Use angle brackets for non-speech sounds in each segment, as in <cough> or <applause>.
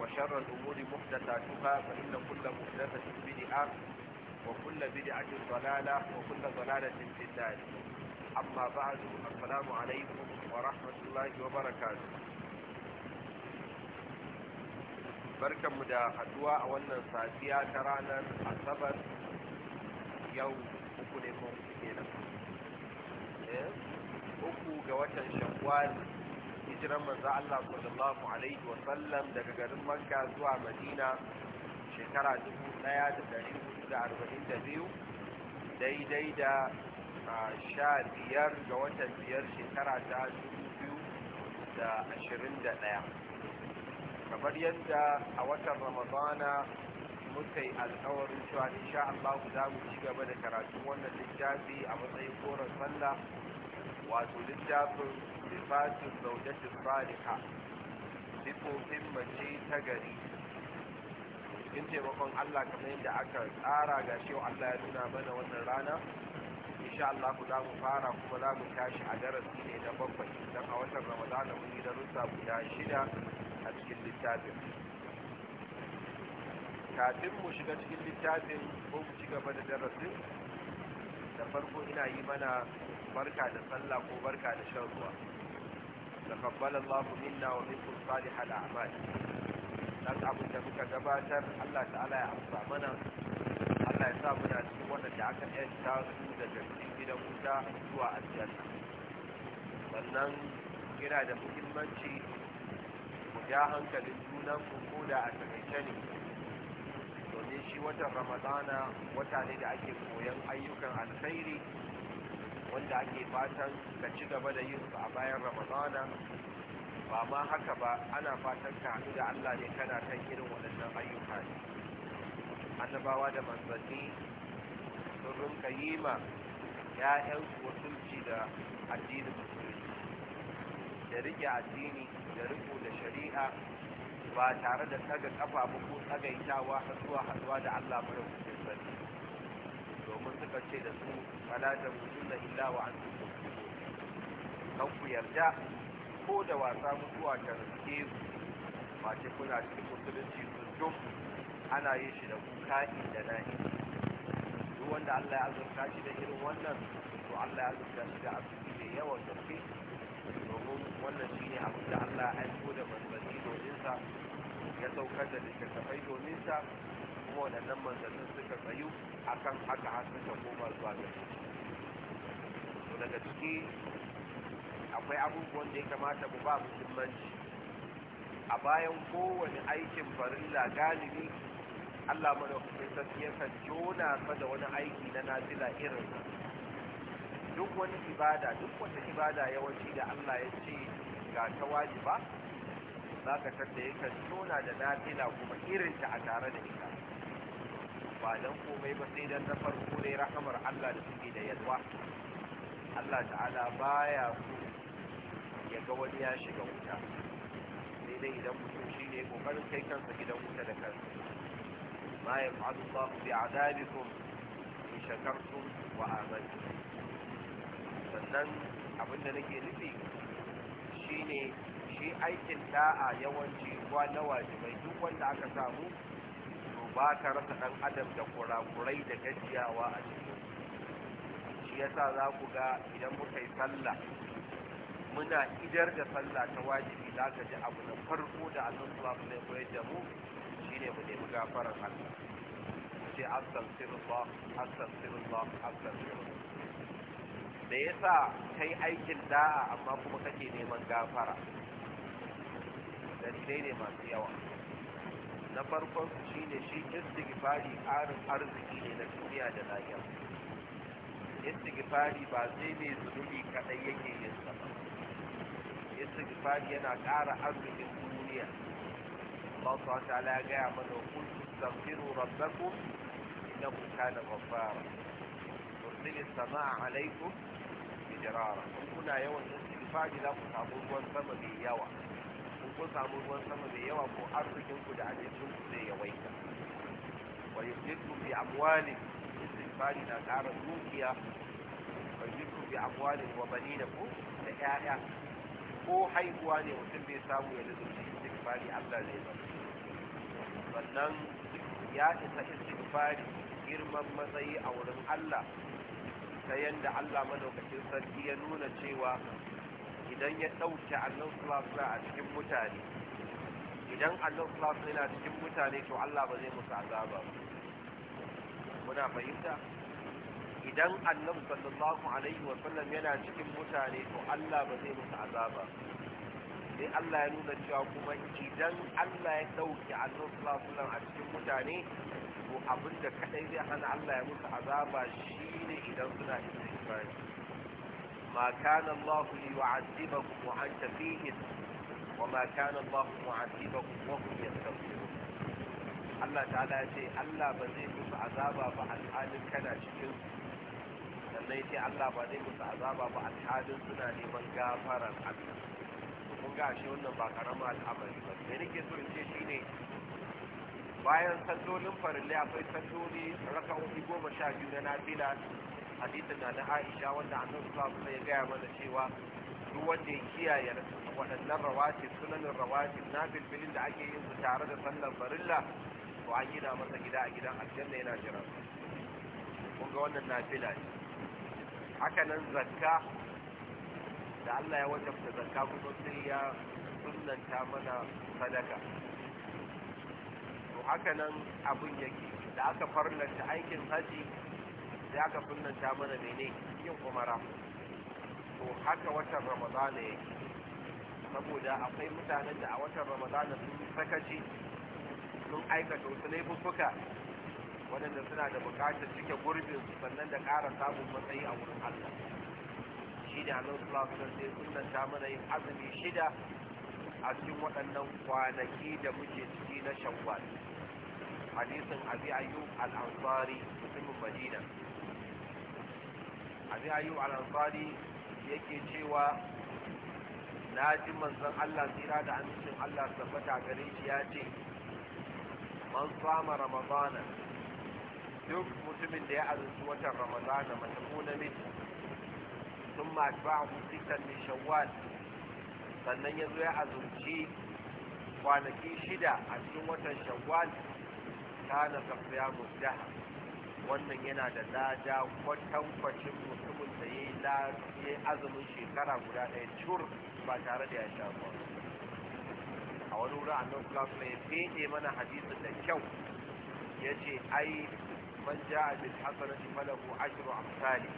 وشر الأمور محدثاتها فإن كل محدثة بدعة وكل بدعة ضلالة وكل ضلالة في النار أما بعد السلام عليكم ورحمة الله وبركاته barkanmu da haduwa أولا ساتيا safiya ta ranar أكو نمو uku ne ko uku hijiran manzo Allah sallallahu alaihi wa sallam daga garin Makka zuwa Madina shekara 1442 daidai da sha biyar ga watan biyar shekara ta biyu da da ashirin daya kamar yadda a watan Ramadana muka yi alkawarin cewa insha Allah za mu ci gaba da karatun wannan littafi a matsayin koren sallah wato littafin sifatin zaujatin saliha sifofin mace ta gari in taimakon Allah kamar yadda aka tsara ga shi Allah ya nuna mana wannan rana insha Allah ku za mu fara kuma za mu tashi a darasi ne na bakwai don a watan Ramadana mun yi darussa guda shida a cikin littafin kafin mu shiga cikin littafin ko mu ci gaba da darasin da farko ina yi mana barka da sallah ko barka da shan ruwa taqabbal Allah minna wa minkum salihal a'mal dan abin da muka gabatar Allah ta'ala ya amsa mana Allah ya sa muna cikin waɗanda aka yanta su daga cikin gidan wuta zuwa aljanna sannan yana da muhimmanci mu ja hankalin junan mu ko da a takaice ne dai shi watan ramadana wata ne da ake koyon ayyukan alkhairi wanda ake fatan ka ci gaba da yin a bayan ramadana ba ma haka ba ana fatan ka haɗu da allah ne kana kan irin waɗannan ayyuka ne annabawa da manzanni sun rinka yi ma yayan mutunci da addinin musulmi da riƙe addini da riko da shari'a ba tare da tsaga kafa ba ko tsagaitawa har zuwa haduwa da Allah mara hukun sani domin suka ce da su fala da mutum da illa wa an kan ku yarda ko da wasa mutuwa ta riske ku ce kuna cikin musulunci duk ana yin shi da kuka inda na yi duk wanda Allah ya azurta shi da irin wannan to Allah ya azurta shi da abin da yawan gaske domin wannan shine abin da Allah ya aiko da manzanni manzanninsa ya saukar da littattafai domin sa kuma waɗannan manzannin suka tsayu akan haka har suka koma zuwa su to daga ciki akwai abubuwan da ya kamata mu ba muhimmanci a bayan kowane aikin farilla galibi Allah madaukakin sarki yakan jona ka da wani aiki na nazila irin duk wani ibada duk wata ibada yawanci da Allah ya ce ga ta wajiba dakatar ka tatta yakan tona da nafila kuma irinta a tare da ita ba don komai ba sai don na farko ne rahamar Allah da suke da yalwa Allah ta'ala baya so ya ga wani ya shiga wuta sai dai idan mutum shi ne kokarin kai kansa gidan wuta da kansa ma ya fa'adu Allah bi adabikum in shakartum wa amantum sannan abinda nake nufi shine shi aikin da'a yawanci wa na wajibai duk wanda aka samu to ba ka rasa dan adam da kurakurai da gajiyawa a cikin shi sa za ku ga idan muka yi sallah muna idar da sallah ta wajibi za ka ji abu na farko da Allah subhanahu wa ta'ala da mu shine mu nemi gafarar Allah mu ce astaghfirullah asal astaghfirullah da ta kai aikin da'a amma kuma kake neman gafara dalilai ne masu yawa na farkon su ne shi istigifari arin arziki ne na duniya da lahiyar istigifari ba sai mai zunubi kadai yake yin sa ba istighfari yana ƙara arzikin duniya Allah subhanahu ta'ala ya gaya mana kun tastaghfiru rabbakum innahu kana ghaffara yursil as alaikun 'alaykum mijrara kuna yawan istigifari za ku samu ruwan sama mai yawa kun samu ruwan sama mai yawa ko arzikin ku da abincin ku zai yawaita wa yusliku fi amwali istighfari na ƙara dukiya wa yusliku fi amwali wa banina ku da ƴaƴa ko haihuwa ne mutum bai samu ya lizurci istighfari Allah zai ba sannan ya isa istighfari girman matsayi a wurin Allah ta yanda Allah madaukakin sarki ya nuna cewa idan ya ɗauke annan sulasula a cikin mutane idan annan sulasula yana cikin mutane to Allah ba zai musu azaba muna fahimta idan annabi sallallahu alaihi wa sallam yana cikin mutane to Allah ba zai musu azaba sai Allah ya nuna cewa kuma idan Allah ya ɗauke annabi sallallahu alaihi a cikin mutane to abinda kadai zai hana Allah ya musu azaba shine idan suna cikin istighfari ما كان الله ليعذبكم وأنت فيهم وما كان الله معذبكم وهم يستغفرون Allah ta'ala ya ce Allah ba zai musu azaba ba alhalin kana cikin sannan ya ce Allah ba zai musu azaba ba alhalin suna neman gafarar kun ga wannan ba karama al'amari ba me nake so in ce shine bayan sallolin farilla akwai salloli raka'o'i goma sha biyu na nafila hadisin da na Aisha wanda annabi sallallahu alaihi ya gaya mana cewa duk wanda ya kiyaye waɗannan rawatib sunanin rawatin na bilbilin da ake yin su tare da sallar farilla to a gina masa gida a gidan aljanna yana jira kun ga wannan nafila ne haka nan zakka da Allah ya wajabta zakka kuma sai ya sunanta mana sadaka to haka nan abin yake da aka farlanta aikin haji sai aka sunanta mana mene yin umara to haka watan ramadana yake saboda akwai mutanen da a watan ramadana sun sakaci sun aikata wasu laifuffuka waɗanda suna da buƙatar cike gurbin sannan da ƙara samun matsayi a wurin Allah shi da Allah sallallahu sai wasallam mana yin azumi shida a cikin waɗannan kwanaki da muke ciki na shawwal hadisin abi ayyub al-ansari mutumin madina abi ayyub al-ansari yake cewa na ji manzon Allah tsira da amincin Allah tabbata gare shi ya ce man sama ramadana duk mutumin da ya azurci watan ramadana mace ko namiji sun a musikan mai shawwal sannan ya zo ya azurci kwanaki shida a cikin watan shawwal kana tafiya mujahar wannan yana da lada kwatankwacin mutumin da ya yi azumin shekara guda ɗaya cur ba tare da ya sha ba a wani wuri annan kula kuma ya fede mana hadisin da kyau ya ce ai man ja'a bil hasanati falahu ashru amsali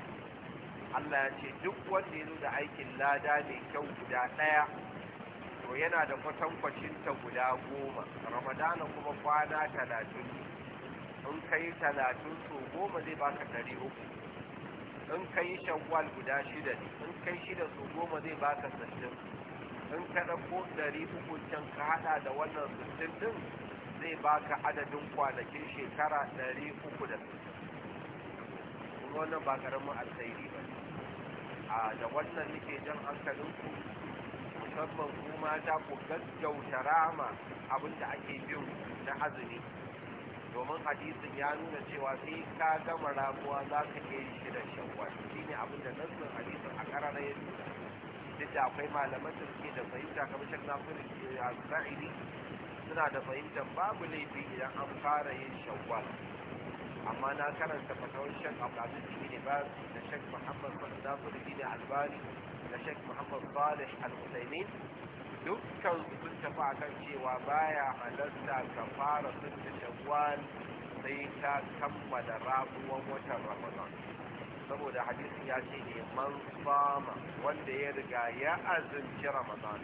Allah ya ce duk wanda ya zo da aikin lada mai kyau guda ɗaya to yana da kwatankwacin ta guda goma ramadana kuma kwana talatin in ka yi talatin so goma zai baka ɗari uku in ka yi shawwal guda shida ne in ka yi shida so goma zai baka sassin in ka ɗauko ɗari uku can ka haɗa da wannan sittin ɗin zai baka adadin kwanakin shekara ɗari uku da sittin kuma wannan ba ƙaramin alkhairi ba a da wannan nake jan hankalinku musamman kuma ta ku gaggauta rama abinda ake bin na azumi domin hadisin ya nuna cewa sai ka gama ramuwa za ka ke shi da shawwal shi ne abin da nassin hadisin a karara ya nuna duk da akwai malaman da suke da fahimta kamar shan nafin eh, a saidi suna da fahimtar babu laifi idan an fara yin shawwal amma na karanta fatawar shek abdulaziz ne ba da shek muhammad bin nasir ne albani da shak muhammad salih al-husaymin dukkan sun tafi a kan cewa baya halatta ka fara sun ta shawwal sai ta kammala rabuwan watan ramadan saboda hadisi ya ce ne man sama wanda ya riga ya azinci ramadan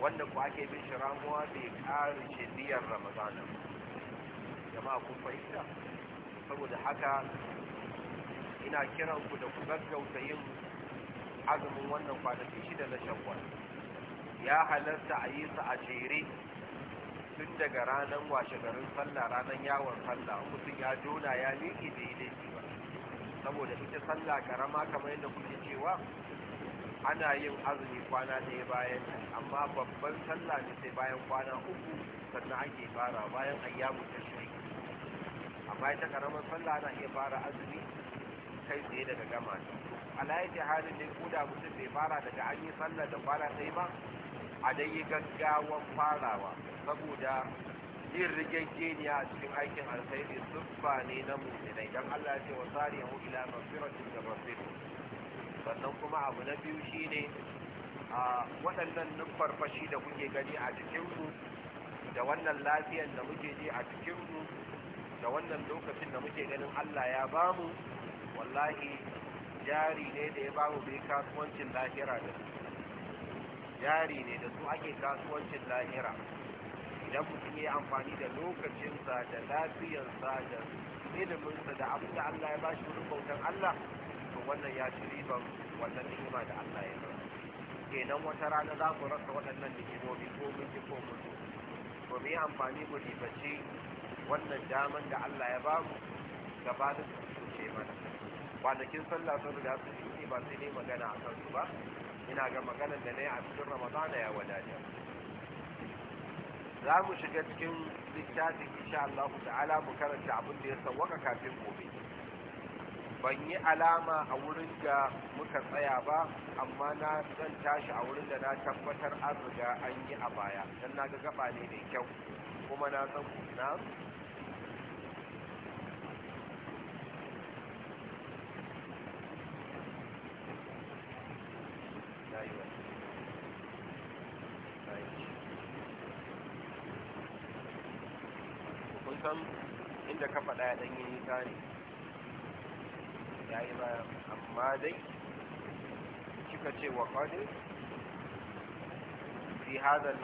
wanda ku ake bin shi ramuwa bai kare shi niyyar ramadan jama'a kun fahimta saboda haka ina kiran ku da ku gaggauta yin azumin wannan kwanaki shida na shawwal ya halarta a yi su a jere tun daga ranar washe garin sallah ranar yawon sallah mutum ya jona ya miƙe da laifi ba saboda ita sallah karama kamar yadda kuke cewa ana yin azumi kwana ɗaya bayan amma babban sallah ne sai bayan kwana uku sannan ake fara bayan ayyamu ta shiri amma ita karamar sallah ana iya fara azumi kai tsaye daga gama alayyar halin ne ko da mutum bai fara daga an yi sallah da kwana ɗaya ba a dai yi gaggawan farawa saboda yin rigegeniya a cikin aikin alkhairi siffa ne na musulai don Allah ya ce wa sarihu ila mafiratin da rabbikum sannan kuma abu na biyu shi shine a waɗannan numfarfashi da kuke gani a jikinku da wannan lafiyar da muke ji a jikinku da wannan lokacin da muke ganin Allah ya bamu wallahi jari ne da ya bamu bai kasuwancin lahira da su jari ne da su ake kasuwancin lahira idan mutum ya amfani da lokacinsa da lafiyarsa da iliminsa da abin da Allah ya bashi wurin bautan Allah to wannan ya ci riban wannan nihima da Allah ya ba kenan wata rana za ku rasa waɗannan nihimomi ko mun ko mutu zo to mu yi amfani mu ribace wannan daman da Allah ya ba mu gabanin su ce mana kwanakin sallah sun riga sun shuɗe ba sai ne magana a kansu ba ina ga maganar da na yi a cikin ramadana ya wadata za mu shiga cikin littafin insha Allah ta'ala mu karanta abin da ya sawwaka kafin gobe ban yi alama a wurin da muka tsaya ba amma na zan tashi a wurin da na tabbatar an riga an yi a baya don na ga gaba ne mai kyau kuma na san na kun san inda ka faɗa ya ɗanyi nisa ne ya yi ba amma dai kika ce wa ƙwadin في هذا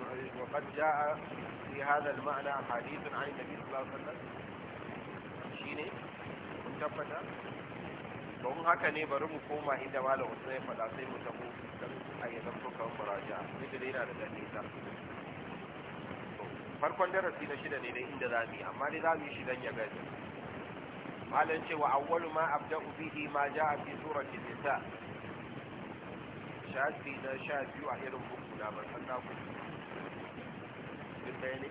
وقد جاء في هذا المعنى حديث عن النبي صلى الله عليه وسلم to haka ne bari mu koma inda malam Usman ya faɗa sai mu tafi da a yi zanto kan muraja duk da yana da dalila farkon darasi na shida ne dai inda za mu yi amma dai za mu yi shi dan ya gani malam ce wa awwalu ma abda'u bihi ma ja'a fi surati nisa shafi na sha biyu a irin buku na ban san ku duk ɗaya ne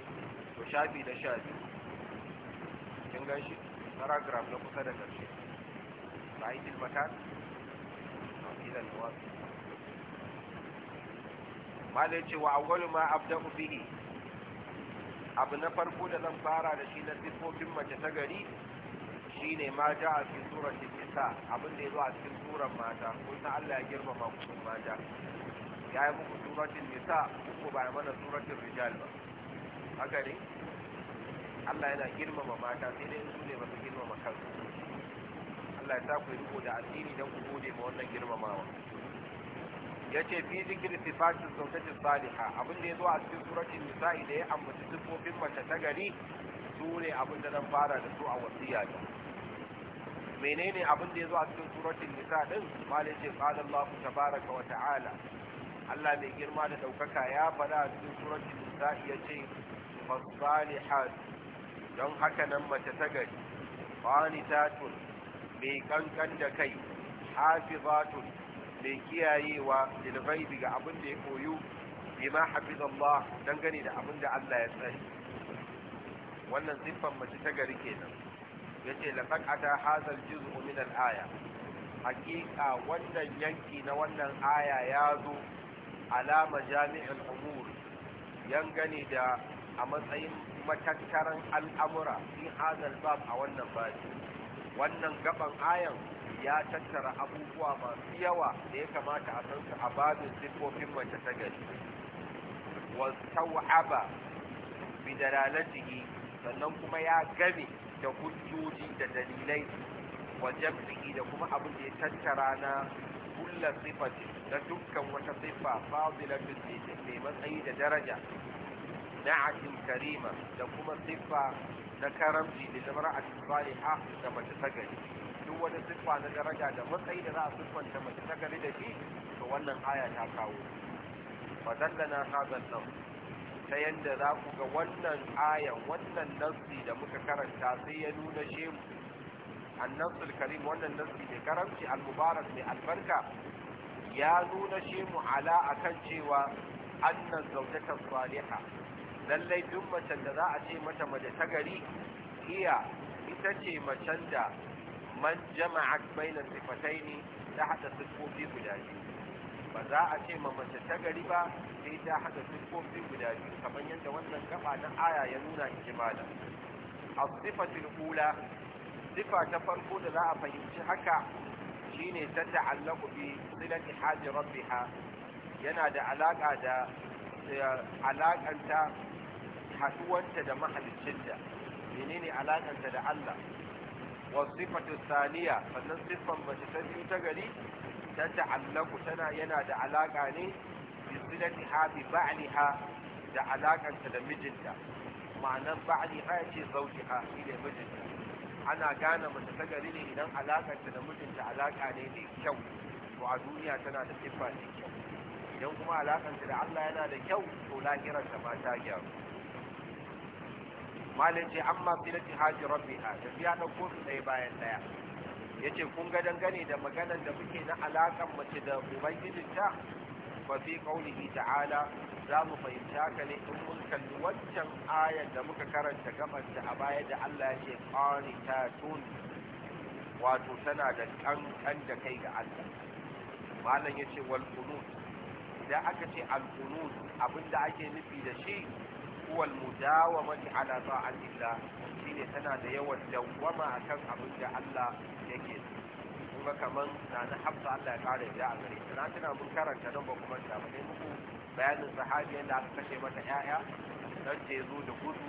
to shafi na sha biyu kin gan shi paragraph na kusa da ƙarshe بعيد المكان إلى الواقع ما ليش وأول ما أبدأ به abu na farko da zan fara da shi na siffofin mace ta gari shi ne ma a cikin surar nisa abin da ya zo a cikin surar mata kusa Allah ya girmama kuma mata ya yi muku suratin nisa uku ba mana suratin rijal ba haka ne Allah yana girmama mata sai dai su ne ba su girmama kansu Allah ya sa ku riko da asiri don ku gode ma wannan girmamawa yace fi zikri sifatin zawjati salihah abin da zo a cikin surati nisa'i da ya ambaci sifofin mace ta gari su ne abin da zan fara da su a wasiya ta menene abin da zo a cikin surati nisa din malai ce tsadar Allah tabaaraka wa ta'ala Allah mai girma da daukaka ya faɗa a cikin suratul nisa yace fasalihat don haka nan mace ta gari qanitatun mai kankan da kai hafizatun mai kiyayewa lilghaibi daga abin da ya koyu bima hafizallah dangane da abin da Allah ya tsari. wannan siffan mace ta gari kenan yace laqad ata hazal juz'u min al-aya hakika wannan yanki na wannan aya ya zo alama jami'in umur yangane da a matsayin matattaran al'amura in hazal bab a wannan babi wannan gaban ayan ya tattara abubuwa masu yawa da ya kamata a san su a babin siffofin mace ta gari wa tawaba bi sannan kuma ya game da hujjoji da dalilai wajen jam'i da kuma abin da ya tattara na kulla sifatin na dukkan wata siffa fadilatin mai matsayi da daraja na'atin karima da kuma siffa na karamci da jama'atu saliha da mace ta gari duk wani siffa na daraja da matsayi da za a siffanta mace ta gari da shi to wannan aya ta kawo ba, fadallana hazan nan ta yadda za ku ga wannan ayan wannan nasi da muka karanta sai ya nuna shi mu, annasul karim wannan nasi mai karamci al-mubarak mai albarka ya nuna shi mu ala akan cewa annan zaujatan salihah lallai duk macen da za a ce mata mace ta gari iya ita ce macen da man jama'a bainar sifatai ne ta haɗa siffofi guda biyu ba za a ce ma mace ta gari ba sai ta haɗa siffofi guda biyu kamar yadda wannan gaba na aya ya nuna da. a sifatin hula sifa ta farko da za a fahimci haka shine ta ta'allaku bi silati haji rabbiha yana da alaka da alakanta haduwanta da mahaliccinta menene alakanta da Allah wasifatu saniya sannan siffan mace ta biyu ta gari ta ta'allaku tana yana da alaka ne bi silatiha bi ba'liha da alakanta da mijinta ma'anar ba'liha ya ce zaujiha shi ne mijinta ana gane mace ta gari ne idan alakanta da mijinta alaka ne mai kyau to a duniya tana da siffa mai kyau idan kuma alakanta da Allah yana da kyau to lahirarta ma ta gyaru malai ce amma silati haji rabbiha tafiya da kofi ɗaya bayan ɗaya yace kun ga dangane da maganar da muke na alaƙan mace da ubangijinta fa fi qaulihi ta'ala za mu fahimci ka ne in mun kalli wancan ayar da muka karanta gaban da a baya da Allah ya ce qanitatun wato tana da kankan da kai ga Allah malam yace wal qunut idan aka ce alkunu, qunut abinda ake nufi da shi huwa al-mudawamati ala ta'atillah shine tana da yawan dawama akan abin da Allah yake kuma kaman na na hafsa Allah ya kare da a gare ta tana mun karanta nan kuma ta bane bayanin sahabi yadda aka kashe mata yaya dan ta zo da gudu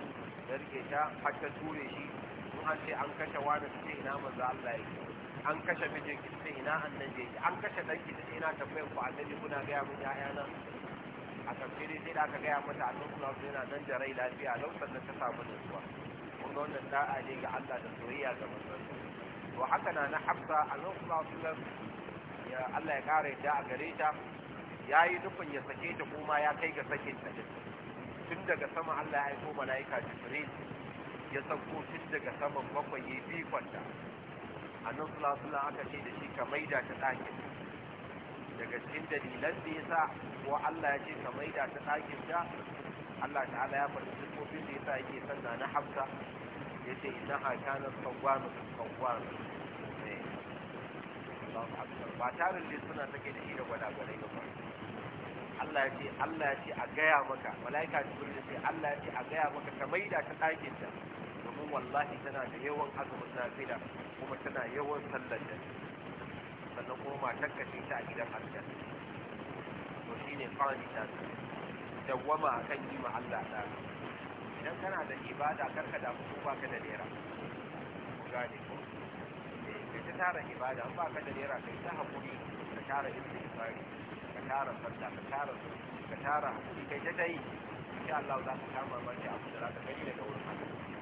da rike ta har ture shi an an kashe wani ta ina an kashe mijin yake an kashe danki ta ina tambayar ku annabi kuna gaya mun yaya na a tafsiri sai da aka gaya mata a sallallahu alaihi yana nan jarai lafiya lafiya lokacin da ta samu nutsuwa kun ga wannan da'a ne ga Allah da soyayya ga manzon to haka na na Hafsa annabi sallallahu alaihi ya Allah ya kare ta a gare ta Ya yi nufin ya sake ta kuma ya kai ga sakin ta tun daga sama Allah ya aiko mala'ika Jibril ya sauko tun daga saman bakwai ya bi kwanta a nan sulasula aka ce da shi ka maida ta ɗakin daga cikin dalilan da yasa ko Allah ya ce ka maida ta ɗakin ta Allah ta'ala ya faɗi sifofin da yasa yake sanna na Hafsa yace innaha kanat qawwamu qawwamu eh. ba tarin da suna take da shi da gwalagwalai ba Allah ya ce Allah ya ce a gaya maka malaika jibril ce Allah ya ce a gaya maka ka maida ta ɗakin ta domin wallahi tana da yawan azumin nafila kuma tana yawan sallar da sannan kuma matar ka ce ta a gidan aljanna to ne qani ta dawwama kan yi ma Allah ta idan kana da ibada karka da ku ba ka da naira ku gane ko eh, kai ta tara ibada an ba ka da naira yi ta hakuri ka tara da istighfari ka tara sallah ka tara su, ka tara ka yi ta dai insha Allah za ka kama maki abu da za ka gani daga wurin Allah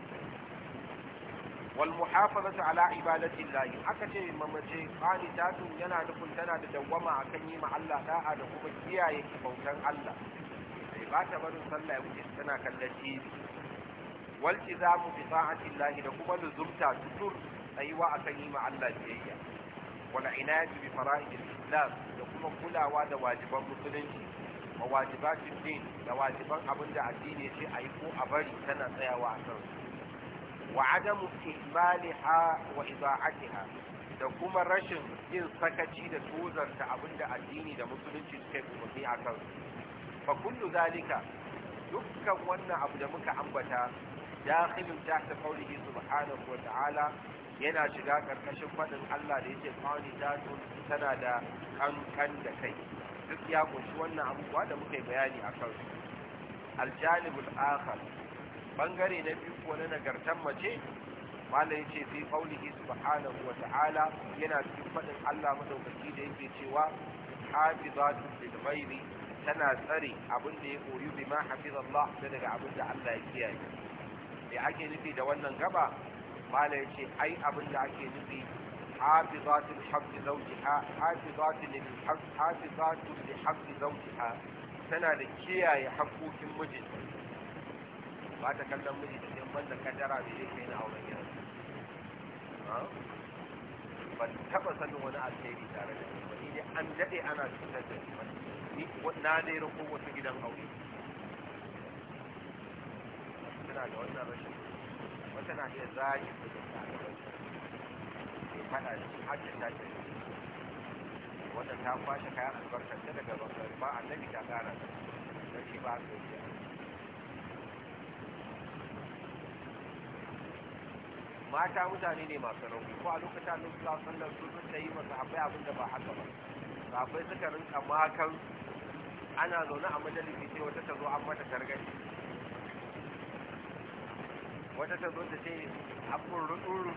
wal muhafazatu ala ibadati llahi aka ce mamace qanitatun yana nufin tana da dawwama akan yi ma a da kuma kiyaye bautan Allah sai ba ta barin sallah wuce tana kallon TV wal izamu bi ta'ati llahi da kuma luzumta tutur tsayuwa akan yi ma Allah ina wal inayatu bi fara'idil islam da kuma kulawa da wajiban musulunci wa wajibatin da wajiban abin da addini ce a yi ko a bari tana tsayawa a kansu wa adamu ihmaliha da kuma rashin yin sakaci da tozarta abinda addini da musulunci suka yi umarni a kan ba kullu zalika dukkan wannan abu da muka ambata dakhilun tahta qawlihi subhanahu wa ta'ala yana shiga karkashin faɗin Allah da yake qawli zatu tana da kankan da kai duk ya kunshi wannan abubuwa da muka yi bayani a su, aljanibul akhar bangare na biyu ko na nagartan mace malam yace fi qaulihi subhanahu wa ta'ala yana cikin faɗin Allah madaukaki da yake cewa hafizatu lil ghaibi tana tsare abin da ya koyi bima hafizallah da daga abin da Allah ya kiyaye me ake nufi da wannan gaba malam yace ai abin da ake nufi hafizatu lil زوجها hafizatu لحفظ حافظات zawjiha tana da kiyaye mijinta ba ta kallon miji da ɗin banda kaddara da zai kai na auren yanzu. ban taɓa sanin wani alheri tare da ni ba ni dai an daɗe ana cutar da ni ba ni na dai rako wasu gidan aure suna da wannan rashin wata na iya zagi kudin da aka rashin hada shi hajjin ta ke wata ta kwashe kayan albarkar ta daga bangar ba a nabi ta gara da shi ba a kai mata mutane ne masu rauni ko a lokacin da sallallahu alaihi wasallam sun ta yi masa haɓai abin da ba haka ba sahabbai suka rinka makan ana zaune a majalisi sai wata ta zo an mata targaɗe wata ta zo ta ce abin rudu-rudu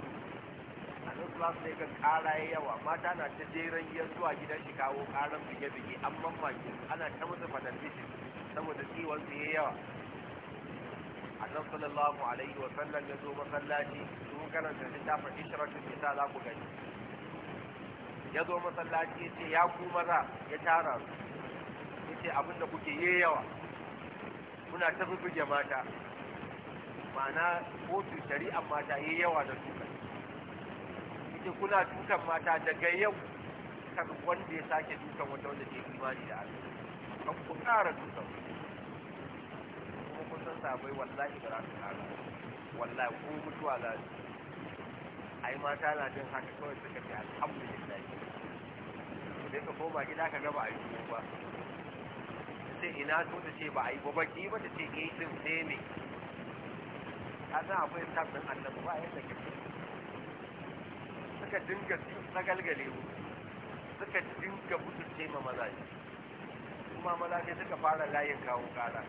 a nan su lasu ga ƙara ya yawa mata na ta jeran yan zuwa gidan shi kawo ƙaran bige-bige an mamaki ana ta musu fanatishin saboda tsiwon su yi yawa annan sallallahu alaihi wa sallam ya zo masallaci ku karanta littafin ishratun nisa za ku gani ya zo masallaci ya ce ya ku maza ya tara su ya ce abinda kuke yi yawa kuna ta bubuge mata ma'ana kotu shari'ar mata yi yawa da dukan ce kuna dukan mata daga yau kan wanda ya sake dukan wata wanda ke imani da Allah kan ku ƙara dukan kuma kusan san sabai wallahi ba za su wallahi ko mutuwa za su ai mata na jin haka kawai suka ce alhamdulillah sai ka koma gida ka gaba a yi ba sai ina so ta ce ba a yi ba baki ba ta ce eh din ne ne a san akwai sabbin annabi ba yadda ke suka dinga sagalgale mu suka dinga ce ma mazaje kuma mazaje suka fara layin kawo kara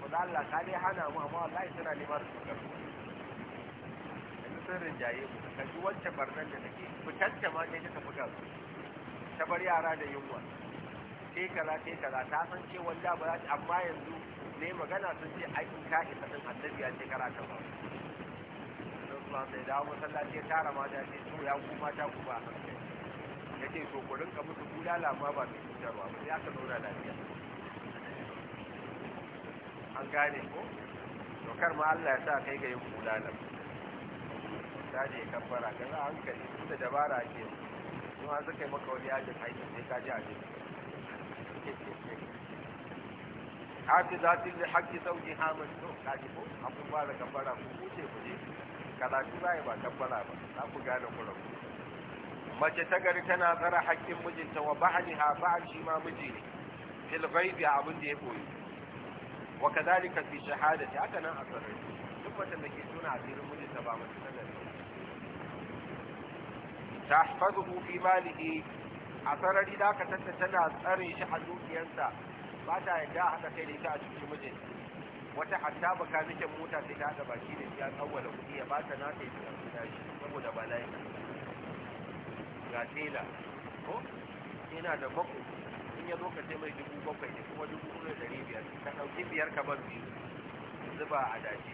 Ba za Allah ka dai hana mu amma wallahi suna neman su gaba sun rinjaye ku ka ji wancan barnan da take fitacce ma sai ta buga su ta bar yara da yunwa sai kaza sai kaza ta san cewa wanda ba za ta amma yanzu ne magana sun ce ai in ka isa din annabi ya ce karata ba Allah sai da masallaci ya tara ma da ce to ya kuma ta ku ya yake so ku rinka musu bulala ma ba mai tarwa ba ya ka zauna lafiya an gane ko to kar ma Allah ya sa kai ga yin ba tashi ya kafara ga za a hankali tun da dabara ke ma suka yi maka wani yajin aiki sai ka ji abin su yi haƙƙi sauƙi hamun to ka ji ko an kun da kafara ku kuce ku je karatu za ba kafara ba za ku gane kuran mace ta gari tana tsara haƙƙin mijinta wa ha ba'an shi ma miji ne fil ghaibi abin da ya koyi wa kadhalika fi shahadati haka nan a sarrafa duk wata da ke tuna asirin mijinta ba mace ta gari tahfazuhu fi malihi a sarari da aka tatta tana tsare shi a dukiyarsa ba ta yadda haka kai da ita a cikin mijin wata hatta baka nake mota sai ta haɗa baki da ya tsawwala kuɗi ya ba ta na ta yi shi saboda ba ga tela ko ina da bako in ya zo ka dubu bakwai da kuma dubu hudu da ɗari biyar ka ɗauki biyar ka bar biyu zuba a dace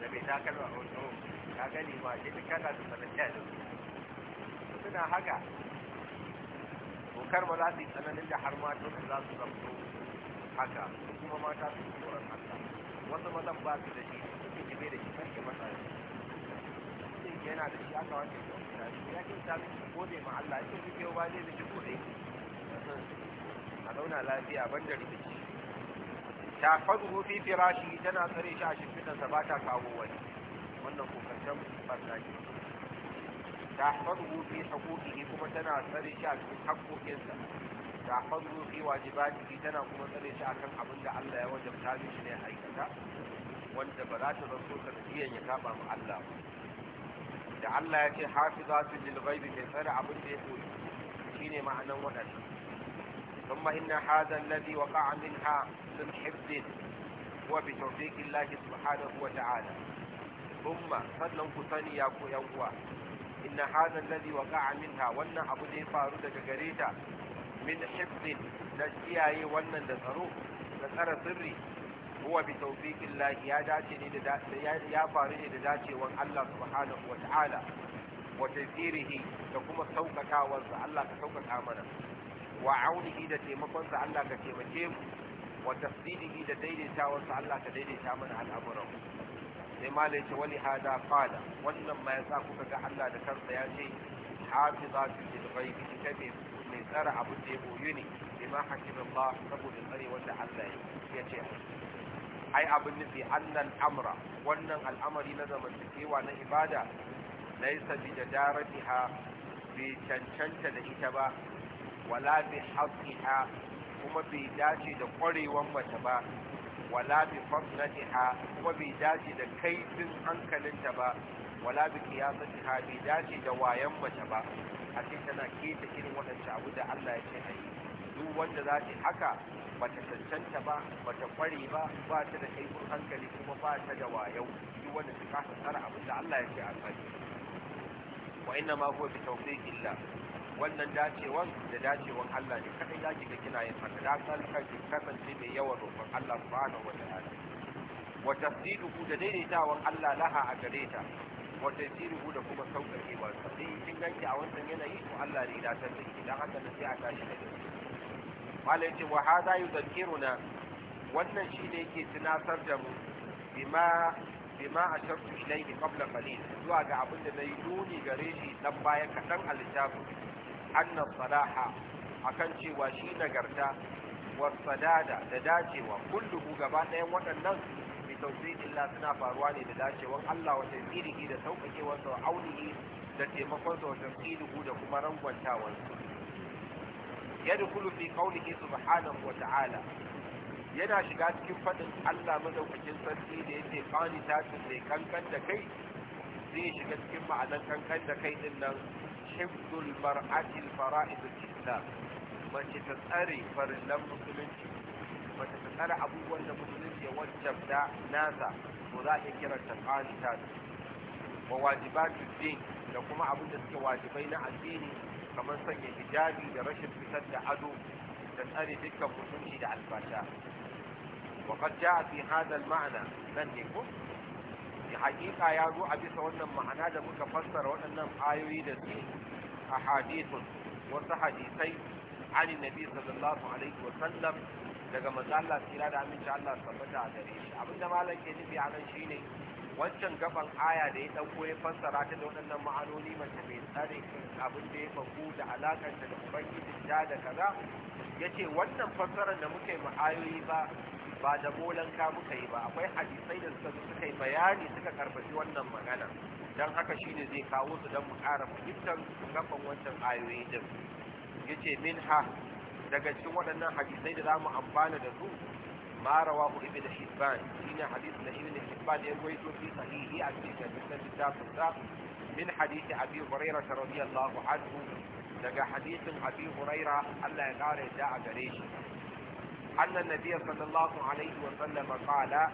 da bai takalma a oh, wani oh. Ya gani ma shi duk kana da sanadiyar suna haka dokar ba za su yi tsananin da har mata su za su zamto haka kuma mata su tsoron haka wasu mazan ba su da shi su ji bai da shi kan da tsari sai yana da shi aka wani da shi ya ce ta ko gode ma Allah ya ce miki yau da shi miki gode a zauna lafiya ban da rikici ta fadu fi firashi tana tsare shi a shimfidansa ba ta kawo wani wannan kokancen barna ne ta hafazu fi haƙoƙi kuma tana tsare shi a cikin haƙoƙinsa ta hafazu fi wajibati tana kuma tsare shi akan abin da Allah ya wajabta mishi ne aikata wanda ba za ta zanto sanadiyan ya kaba ma Allah ba da Allah ya ce hafizatu lil ghaibi mai tsare abin da ya koyi shine ma'anan waɗannan ثم إن هذا الذي وقع منها من حفظ وبتوفيق الله سبحانه وتعالى thumma sannan ku sani ya ku yan uwa inna hadha alladhi waqa'a minha wannan abu da ya faru daga gare ta min hifzin na kiyaye wannan da tsaro da tsara sirri huwa bi tawfiqin ya dace ne da ya faru ne da dacewan Allah subhanahu wa ta'ala wa tafsirihi da kuma saukakawarsa Allah ka saukaka mana wa aunihi da taimakonsa Allah ka taimake mu wa tafsirihi da daidaitawar daidaitawarsa Allah ka daidaita mana al'amuran sai malai ce wani hada fada wannan ma kuka ga Allah da kansa ya ce su ji ghaibi ita ne mai tsara abin da ya boyu ne bima ba saboda tsare wanda Allah ya ce ai abin nufi annan amra wannan al'amari na zamantakewa na ibada laisa bi jadaratiha bai cancanta da ita ba wala bi ha? kuma bai dace da kwarewan mace ba wala bi fasnatiha kuma bai dace da kaifin hankalinta ba wala bi qiyasatiha bai dace da wayan mace ba a ce tana keta irin waɗancan abu da Allah ya ce a yi duk wanda za ta haka bata cancanta ba bata kware ba ba ta da kaifin hankali kuma ba ta da wayau duk wanda ta kasa tsara abu da Allah ya ce a tsari wa inna ma huwa bi tawfiqillah wannan dacewan da dacewan Allah ne kadai ya kiga kina yin haka da salka ki kasance mai yawan roƙon Allah subhanahu wataala wa tafsiruhu da daidaitawan Allah laha a gare ta wa tafsiruhu da kuma sauƙaƙe ba sai kin ganki a wannan yanayi to Allah ne ya dace da ki dan haka sai a tashi da gaske malai ce wa hada yuzakkiruna wannan shine yake tunatar da mu bima bima a shartu ilaihi qabla qalil zuwa ga abin da nayi nuni gare shi dan baya kadan aljabu anna salaha akan cewa shi nagarta sadada da dacewa kulluhu gaba ɗayan waɗannan bi illa suna faruwa ne da dacewan Allah wa tazkirihi da sauƙaƙewar sa aunihi da taimakon sa wa tazkirihu da kuma rangwantawar su yadkhulu fi qawlihi subhanahu wa ta'ala yana shiga cikin faɗin Allah madaukakin sarki da yake fani tatin mai kankan da kai zai shiga cikin ma'anar kankan da kai din nan hifdul mar'atil fara'idul islam mace ta tsare farillan musulunci mace ta tsare abubuwan da musulunci ya wajabta nasa to za a iya kiran ta qanita wa wajibatul da kuma abin da suke wajibai na addini kamar sanya hijabi da rashin fitar da ado da tsare dukkan mutunci da albasha وقد جاء في ma'ana nan ne, ko? hakika ya zo a bisa wannan ma'ana da muka fassara waɗannan ayoyi da su a hadithun wasu hadisai an nabi sallallahu alaihi daga mazalla Allah da aminci Allah tabbata a gare shi abinda malam ke nufi a nan shine wancan gaban aya da ya dauko ya fassara ta da waɗannan ma'anoni mace mai tsare abin da ya faku da alakar da ubangiji da da kaza yace wannan fassarar da muka mu ayoyi ba ba da bolan muka yi ba akwai hadisai da suka suka yi bayani suka karfafi wannan magana don haka ne zai kawo su don mu ƙara fahimtar gaban wancan ayoyi din ce min ha daga cikin waɗannan hadisai da za mu amfana da su ma rawahu ibn hibban shine hadisi na ibn hibban ya rawaito fi sahihi a cikin littafin sa min hadisi abi hurairah radiyallahu anhu daga hadisin abi hurairah Allah ya kare da a gare shi أن النبي صلى الله عليه وسلم قال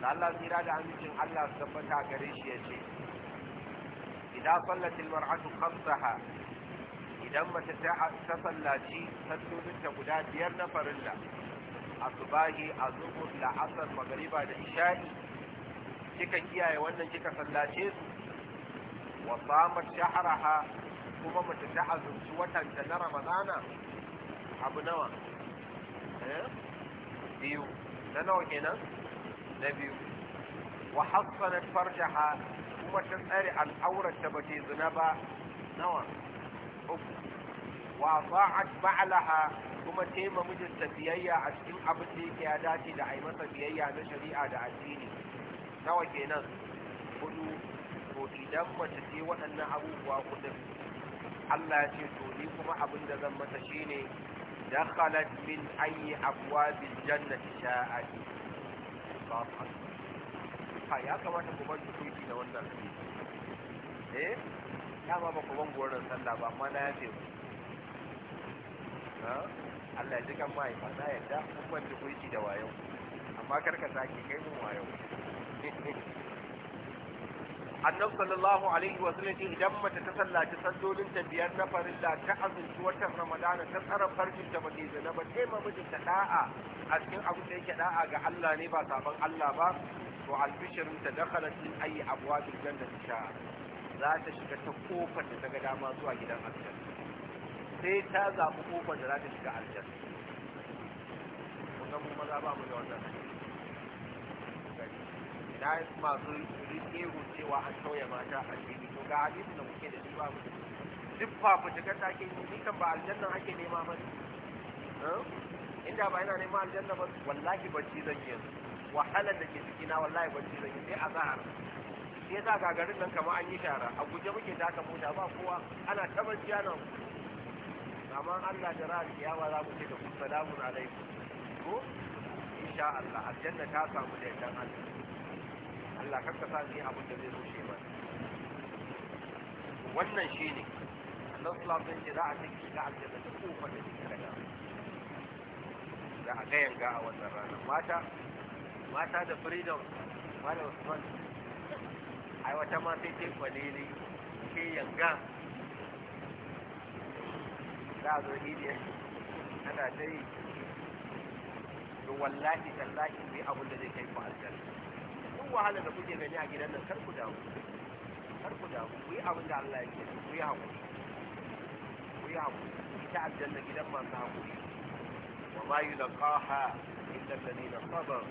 Allah tsira da amincin Allah su tabbata gare shi ya ce, Idan sallatin mar'atu kamsaha, idan mace ta sallaci sassoninta guda biyar na farilla, a subahi, a zubur, la'asar, magariba da isha'i, kika kiyaye wannan kika sallace su, wa samar shaharaha kuma mace ta watan watanta na Ramadana, abu nawa. Eh? biyu na nawa kenan na biyu wa hassanat farjaha kuma ta tsare al'aurar ta bace zina ba nawa uku wa sa'at ba'alaha kuma tema biyayya a cikin abin da yake ya dace da ai masa biyayya na shari'a da addini nawa kenan hudu to idan mace ce waɗannan abubuwa kudin Allah ya ce to ni kuma abin da zan mata shine دخلت من أي أبواب الجنة شاءت الله أكبر يا كما تقبل تقولي لو أنت إيه يا ما بقبل قولنا سلا بما نازل Allah ya ji kan mahaifa na yadda kuma da kulki da wayo amma karka sake kai mu wayo annabi sallallahu alaihi wa sallam idan mace ta sallaci sallolin ta biyar na farilla ta azumci watan ramadana ta tsara farkin ta bace zina ba sai mamijin ta da'a a cikin abin da yake da'a ga Allah ne ba saban Allah ba to albishirin ta dakhalat min ayi abwabil jannati sha za ta shiga ta kofar da daga dama zuwa gidan aljanna sai ta zaɓi kofar da za ta shiga aljanna kuma ga maza ba mu da wannan na masu ihu cewa an sauya mata a jini to ga hadisin da muke da shi ba mu duk fafutukar da ake yi Ni kan ba aljanna ake nema ba inda ba yana nema aljanna ba wallahi bacci zan yi wahalar da ke ciki na wallahi bacci zan yi sai a zahar sai yasa gagarin nan kamar an yi shara a guje muke taka mota ba kowa ana taɓa jiya ana amma Allah da ra'ar kiyama za mu ce da ku salamun alaikum ko insha Allah aljanna ta samu da yardan Allah Allah ka sa ni abin da zai rushe ba wannan shine Allah sallallahu alaihi wasallam za a ciki ga aljanna da kofa da take daga za a ga yanga a wannan rana mata mata da freedom mata Usman ai wata ma sai ke kwalele ke yanga za a zo idiyar ana dai wallahi tallahi bai abin da zai kai ku aljanna duk wahalar da kuke gani a gidan nan kar ku damu kar ku damu ku yi abin da Allah yake ku yi hakuri ku yi hakuri ita aljanna gidan masu hakuri wa ma yulqaha illa alladhina sabaru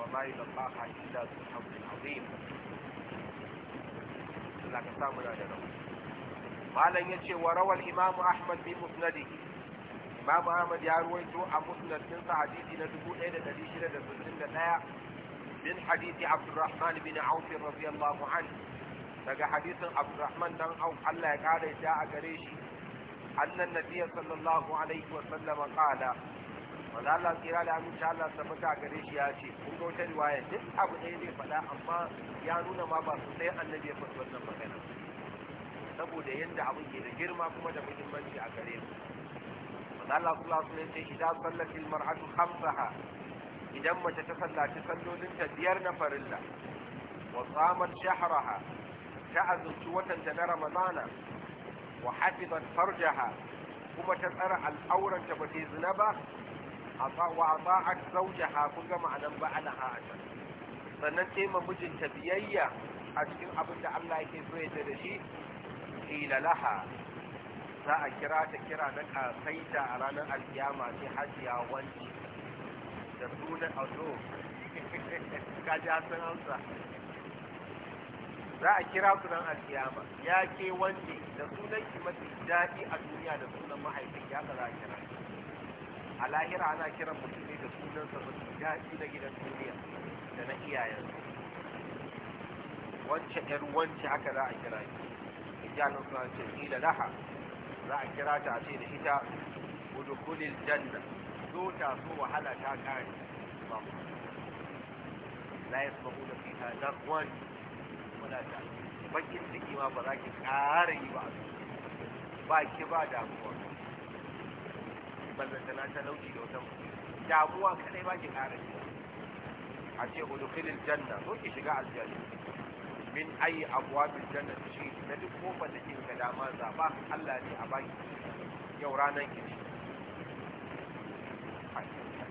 wa ma yulqaha illa zu hawlin azim Allah ka samu da rawa malan yace wa rawal imam ahmad bi musnadihi imamu ahmad ya ruwaito a musnad din sa hadisi na 1661 min hadisi abdurrahman bin auf radiyallahu anhu daga hadisin abdurrahman dan auf Allah ya kare shi a gare shi annan nabiyyi sallallahu alaihi wa sallam qala wanda Allah tsira da aminci a gare shi ya ce kun ga wata riwaya duk abu ɗaya zai faɗa amma ya nuna ma ba sosai annabi ya faɗi wannan magana saboda yadda abin ke da girma kuma da muhimmanci a gare mu wanda Allah sallallahu alaihi idan mace ta sallaci sallolinta biyar na farilla wa tsamar shahraha ta azurci watanta na ramadana wa farjaha kuma ta tsara al'auranta ba ta zina ba wa ata'at zawjaha kun ga ma'anan ba a sannan ta mijinta biyayya a cikin abin da Allah yake so ya da shi qila za a kira ta kira na kasaita a ranar alkiyama sai hajiya wanci da su da auto <laughs> kaji san hausa za a kira ku nan kiyama ya ke wanda da sunan ki mafi daɗi a duniya da sunan mahaifin ya za a kira a lahira ana kiran mutum ne da sa mafi daɗi na gidan duniya da na iyayensa wance ɗan wance haka za a kira ki ijanin sunan ce ila laha za a kira ta a ce da ita udukulil janna zo ta so wahala ta kare ba ku la ta fiha wani wala ta'ala bakin ciki ma ba za ki ƙara yi ba ba ki ba damuwa ballanta na talauci da wata damuwa kadai ba ki ƙara yi a ce udkhilil janna zo ki shiga aljanna min ayi abwabil janna shi na duk kofar da kin ga dama zaba Allah ne a baki yau ranar ki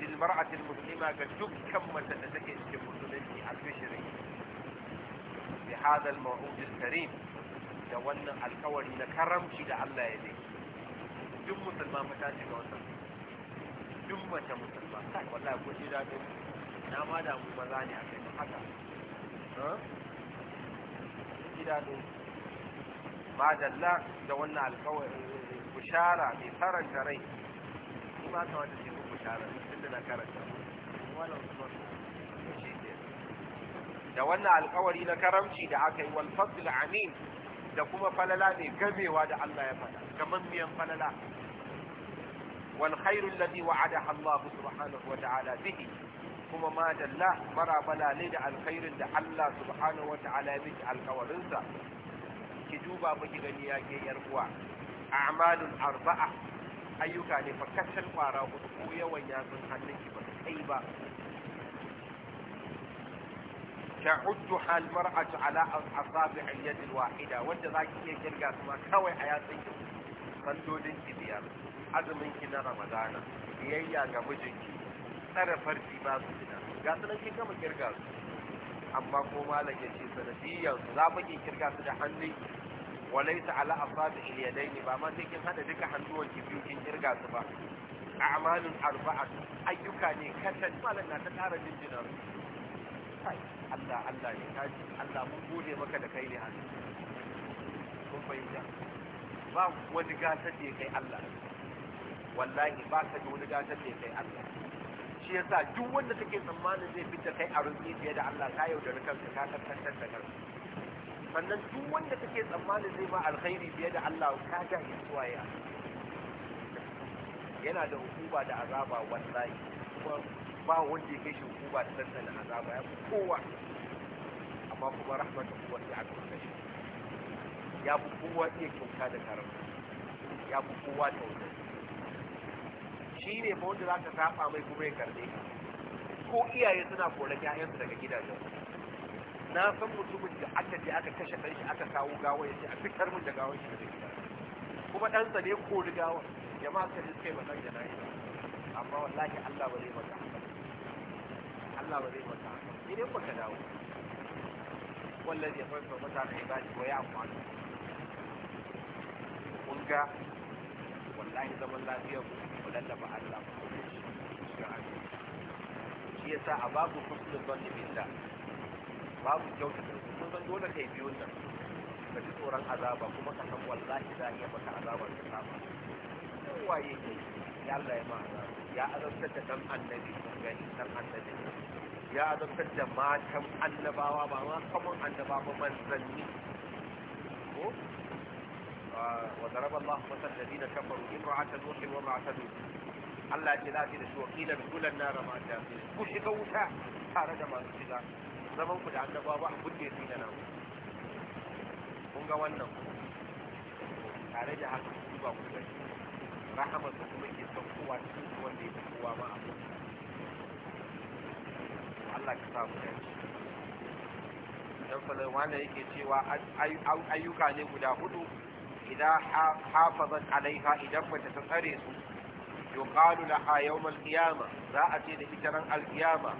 lil mar'atil muslima ga dukkan mace da take cikin musulunci albishiri bi hada al maw'ud al da wannan alkawari na karamci da Allah ya yi duk musulma mata shiga wannan duk mace musulma kai wallahi ko ji na ma da mu maza ne a kai haka ji da wannan alkawari mai faranta rai ni ma ta wata da wannan alkawari na karamci da aka yi wal amin da kuma falala ne gamewa da Allah ya fada kamar miyan falala wal khairu alladhi Allah subhanahu wa bihi kuma ma dalla mara balale da alkhairin da Allah subhanahu wa ta'ala ya miki alkawarinsa ki duba ba ki gani ya ke yar uwa a'malul arba'a ayyuka ne fakatar kwara hudu ko yawan yatsun hannunki ba kai ba ta uddu hal mar'atu ala asabi yad wahida wanda zaki iya kirga su ma kawai a yatsun ki bandodin ki biyar azumin ki na ramadan biyayya ga mijinki tsare farti ba su dina ga su nan kin kirga su amma ko malaka ce sanadiyar za mu kirga su da hannunki walaita ala asabi ilyadaini ba ma sai kin hada duka hannuwan ki biyu kin kirga su ba a'malun arba'a ayyuka ne kasan malan na ta tara jinjina kai Allah Allah ne kaji Allah mun gode maka da kai ne hannu kun fahimta ba wani gasar da kai Allah wallahi ba ka da wani gasar da kai Allah shi yasa duk wanda take tsammanin zai fita kai a rufi fiye da Allah ka yaudari kanka ka tantantar da kanka sannan duk wanda kake tsammanin zai ba alkhairi fiye da Allah ka ga zuwa ya yana da hukuba da azaba wallahi kuma ba wanda ya shi hukuba da tantana azaba ya kowa amma kuma rahmatu kuwa ya aka kashe. ya fi kowa iya kyauta da karama ya fi kowa kyauta shi ne ba wanda za ka saba mai kuma ya karbe ko iyaye suna korar ƴaƴansu daga gidajen na san mutumin da aka je aka kashe ɗanshi, aka kawo gawa ya ce a fitar mun da gawar shi da gida kuma ɗan sa ne ko da gawar jama'a sai suka yi ba san jana'i amma wallahi Allah ba zai maka Allah ba zai maka ba ka dawo wallahi ya fara mutane ibadi wa ya amfani kun ga wallahi zaman lafiyar ku lallaba Allah shi sa a babu husnul zanni billah babu kyautata sun san dole kai biyun nan ka ji tsoron azaba kuma ka san wallahi za iya maka azaba da saba waye ne ya Allah ya ma ya azabtar da dan annabi kun gani dan annabi ya azabtar da matan annabawa ba ma kaman annabawa manzanni ko وضرب الله مثل الذين كفروا امرأة نوح وامرأة لوط Allah ya ce za da shi wakilar gulan na rama ku shiga wuta tare da masu shiga zaman ku da annabawa ba abin da ya tsina nan kun ga wannan tare da haka ku ba ku gani rahamar da kuma ke son kowa cikin su wanda ya fi kowa ba a Allah ka sa mu dace dan falai wanda yake cewa ayyuka ne guda hudu idan hafazat alaiha idan mace ta tsare su yuqalu laha yawm al-qiyamah za a ce da ita ran al-qiyamah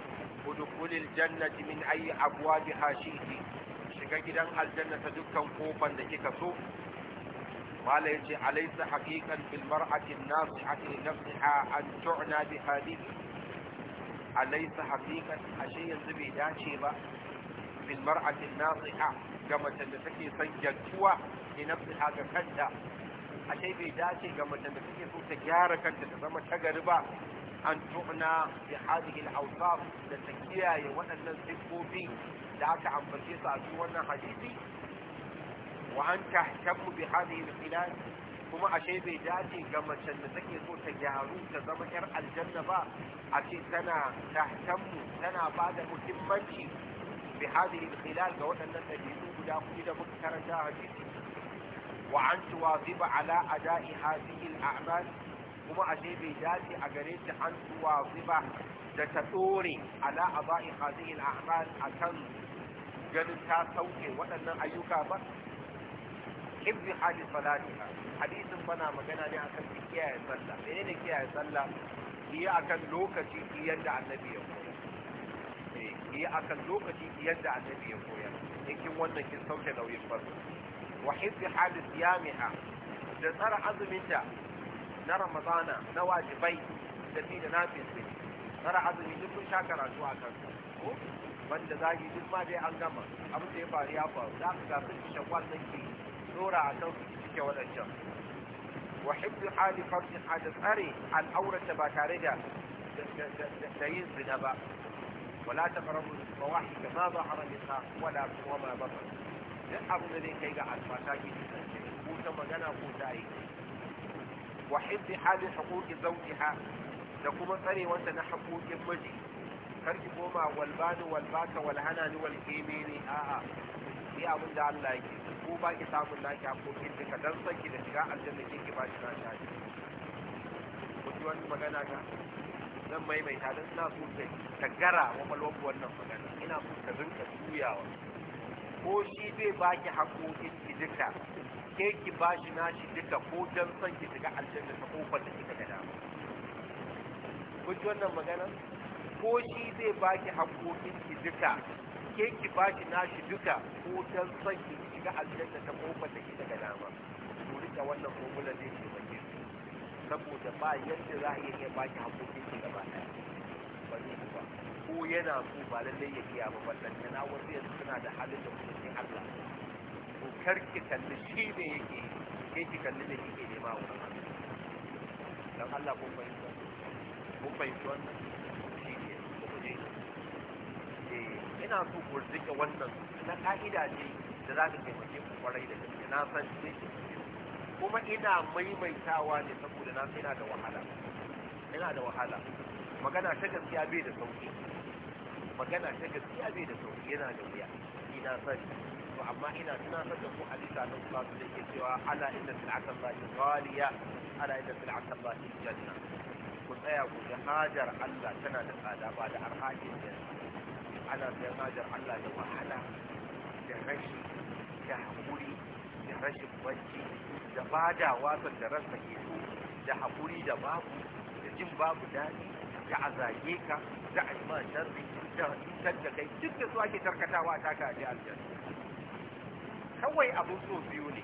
ودخول الجنة من أي أبوابها شئت شكاكدا الجنة تدكا قوفا لكي كسوف قال يجي أليس حقيقا بالمرأة الناصحة لنفسها أن تعنى بهذه أليس حقيقا أشياء زبي داشيبا بالمرأة الناصحة كما تنفكي سيجد هو لنفسها كفتها أشياء زبي داشي كما تنفكي سيجارك أنت تنفكي أن تعنى بهذه الأوصاف لتكيا يوانا تنزف في ذات عن بسيطة أسوانا حديثي وأن تهتم بهذه الخلال كما أشيء بذاتي كما تنزك يقول تجاهلون تذكر الجنة با أشيء سنة تحكم سنة بعد متمتي بهذه الخلال كوانا نتجهدون بلا قيدة مكترة حديثي وأن تواظب على أداء هذه الأعمال kuma ashe bai dace a gare ta an tuwa ba da ta dore ala aba'i hadhihi al-a'mal akan ganin ta sauke waɗannan ayyuka ba ibn hali salatiha hadisin bana magana ne akan kiyaye sallah menene kiyaye sallah yi akan lokaci yadda annabi ya koyar eh, yi akan lokaci yadda annabi ya koya. yakin wannan kin sauke nauyin farko wa hibbi hali siyamiha da tsara azuminta na ramadana na wajibai da ni da nafis tsara azumi duk kun sha karatu a kan ko banda zagi duk ma dai an gama abin da ya faru ya faru za ka ga sun shawwal din ki dora a kan cike waɗancan. wa hibbu hali a da tsare al'aurata ba tare da da yin zina ba wala mu ba taqrabu fawahi ba zahara minha wala kuma ma bafa duk abin da zai kai ga alfata ki ko ta magana ko ta yi. wa hibbi halin haƙoƙi zaujiha da kuma tsarewarta na haƙoƙin miji karki koma walbani walbaka walhana ni walƙeme ne a'a yi abin da Allah yake ko ba ki samun naki haƙoƙin duka dan son da shiga aljanna ke ki na magana ka zan maimaita don so ta gara wa wannan magana ina so ta rinka juyawa ko shi zai baki haƙoƙin ki duka ke ki na nashi duka ko don son ki shiga aljanna ta kofar da kika gada ku ji wannan magana ko shi zai ki haƙoƙin ki duka ke ki na nashi duka ko don son ki shiga aljanna ta kofar da kika gada ba ku rika wannan formula zai ce ba ke saboda ba yadda za a iya ki hakokin ki gaba ɗaya ba ko yana so ba lallai ya kiya ba ballan kana wasu yanzu suna da halin da kuma sai Allah kar karki kalli shi ne yake ke ki kalli da kike nema wa dan Allah kun fahimta kun fahimta wannan shi ne ko ne eh ina so ku rike wannan na ka'ida ne da za ka taimake ku kwarai da gaske na san shi kuma ina maimaitawa ne saboda na sai ina da wahala ina da wahala magana ta gaskiya bai da sauki magana ta gaskiya bai da sauki yana da wuya ina san to amma ina tunatar da ku hadisa na sallallahu da ke cewa ala inna sil'ata Allahi ghaliya ala inna sil'ata Allahi janna ku tsaya ku ga hajar Allah tana da tsada ba da arhakin janna ana sayan hajar Allah da wahala da rashi da hakuri da rashin bacci da wasan da rasa ido da hakuri da babu da jin babu daɗi da a zage ka za a yi ma sharri da cutar da kai duk da su ake tarkatawa ta kaji aljanna kawai abin so biyu ne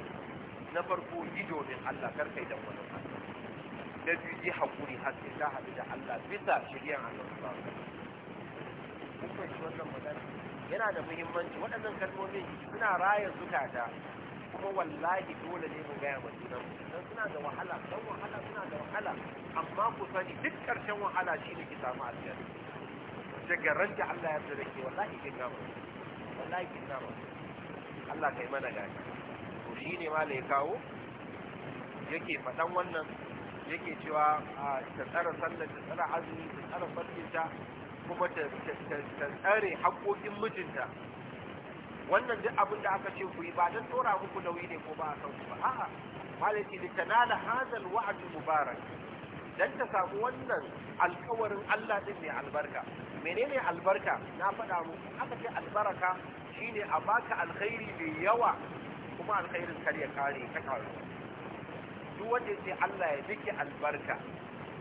na farko yi domin Allah karka yi da wani na biyu yi haƙuri har sai ka haɗu da Allah bisa shirya Allah ba mun fahimci wannan magana yana da muhimmanci waɗannan kalmomin suna raya zukata kuma wallahi dole ne mu gaya masu nan. dan suna da wahala don wahala suna da wahala amma ku sani duk ƙarshen wahala shi ne ki samu aljanna daga ranka Allah ya tsare ki wallahi kin gama wallahi kin gama Allah kai mana gani to ne ma ya kawo yake faɗan wannan yake cewa ta tsara sallar ta tsara azumi ta tsara farkinta kuma ta tsare haƙoƙin mijinta wannan duk abin da aka ce ku yi ba don tora muku nauyi ne ko ba a kanku ba a'a malaki da ta nada hazal wa'adu mubarak dan ta samu wannan alkawarin Allah din ne albarka menene albarka na faɗa muku aka ce albaraka shine a baka alkhairi mai yawa kuma alkhairin kar ya kare ka kare duk wanda yace Allah ya biki albarka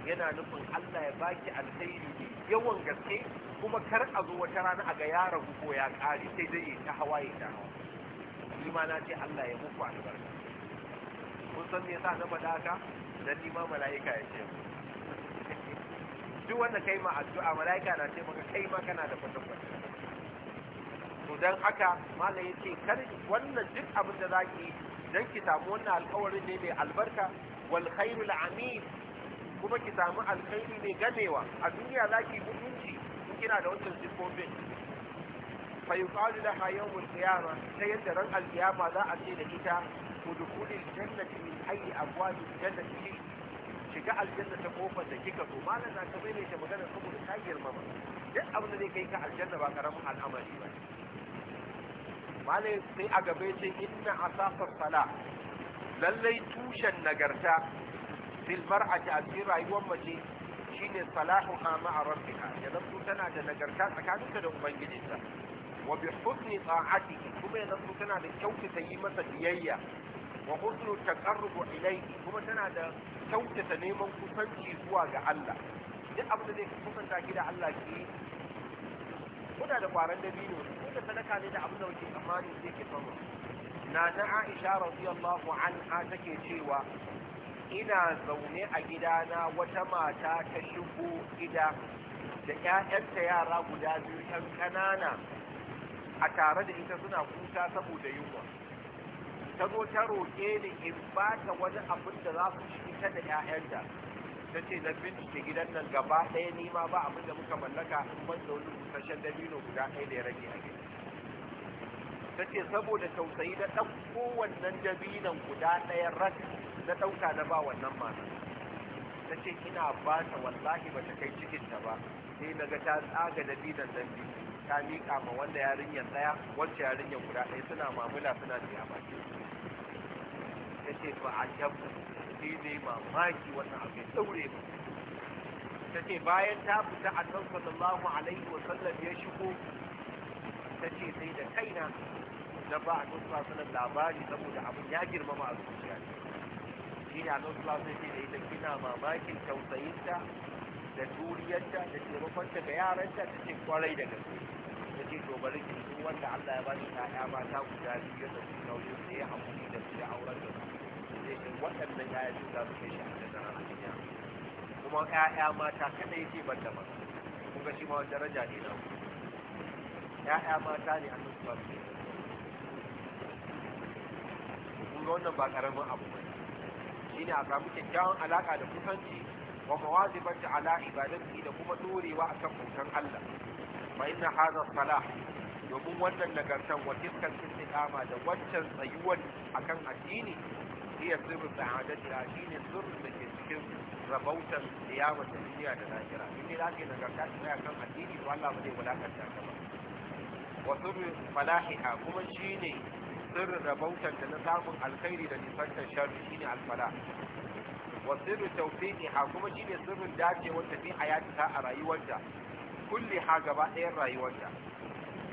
yana nufin Allah ya baki alkhairi mai yawan gaske kuma kar a zo wata rana a ga ya ragu ko ya kare sai dai ya ta hawaye ta hawa ni ma na ce Allah ya muku albarka kun san me yasa na faɗa haka dan ni ma mala'ika ya ce <laughs> duk wanda kai ma addu'a mala'ika na ce maka kai ma kana da fatan to don haka malam ya ce kar wannan duk abin da za ki don ki samu wannan alƙawarin ne mai albarka wal khairul amin kuma ki samu alkhairi ne ganewa? a duniya zaki mutunci in kina da wannan sifofin fa yuqalu la hayyul qiyamah ta yadda ran alqiyama za a ce da ita udkhulil jannati min ayi abwabi jannati shiga aljanna ta kofar da kika so malam na ka mai ta magana saboda ta girmama duk abin da zai kai ka aljanna ba karamin al'amari ba malai sai a gaba ce inna asasar sala lallai tushen nagarta Silmar mar'ati a cikin rayuwar mace shine salahuha ma'a rabbiha ya zanto tana da nagarta tsakaninta da ubangijinta wa bi husni kuma ya zanto tana da kyautata yi masa biyayya wa husnu taqarrubu ilayhi kuma tana da kyautata neman kusanci zuwa ga Allah duk abin da zai kusanta ki da Allah ki kuna da kwaran dabino kuna sadaka ne da abin da amma ne sai ke samu na na Aisha radiyallahu anha take cewa ina zaune a gidana wata mata ta shigo gida da ƴaƴanta yara guda biyu ƴan kanana a tare da ita suna kuka saboda yunwa ta zo ta roƙe ni in ba ta wani abin da za su ci ita da ƴaƴanta ta ce na bincike gidan nan gaba ɗaya ni ma ba abin da muka mallaka in ban da wani busasshen dabino guda ɗaya da ya rage a gida ta ce saboda tausayi na ɗan kowannan dabinon guda ɗaya rak na ɗauka na ba wannan mata ta ce ina ba ta wallahi ba ta kai cikin ta ba sai na ga ta tsaga dabinon nan biyu ta miƙa ma wanda yarinyar ɗaya wacce yarinyar guda ɗaya suna mamula suna da a ta ce ba a sai da mamaki wannan abin daure ba ta ce bayan ta fita a nan sallallahu alaihi wa sallam ya shigo ta ce sai da kaina na ba a nan sallallahu labari saboda abin ya girmama a zuciya shi ne a nan sallallahu da ita kina mamakin tausayinta da juriyarta da taimakonta ga yaranta ta ce kwarai da gaske ta ce to bari ki wanda Allah ya ba shi ta mata guda biyu da su nauyin sai ya haƙuri da su da auren da su laifin waɗannan ya'ya su za su kai shi a ranar duniya kuma ya'ya mata kadai ce ban da ba kun shi ma daraja ne na ya'ya mata ne annabi ba su kun ga wannan ba ƙaramin abu ba shine a samu kyakkyawan alaƙa da kusanci wa mawazibati ala ibadati da kuma dorewa akan bautan Allah fa inna hadha salah domin wannan nagartan wa tilkan istiqama da waccan tsayuwan akan addini هي سر سعادتها لكن سر مكتشف ربوتا لياوة الدنيا للآخرة إن لكن الركات ما يكون حديني والله ولي ولا قد يعتبر وسر فلاحها كما شيني سر ربوتا لنصاب الخير الذي صدت الشر شيني الفلاح وسر توفيقها كما شيني سر الداجة والتفي حياتها أرأي وجه كل حاجة بأي رأي وجه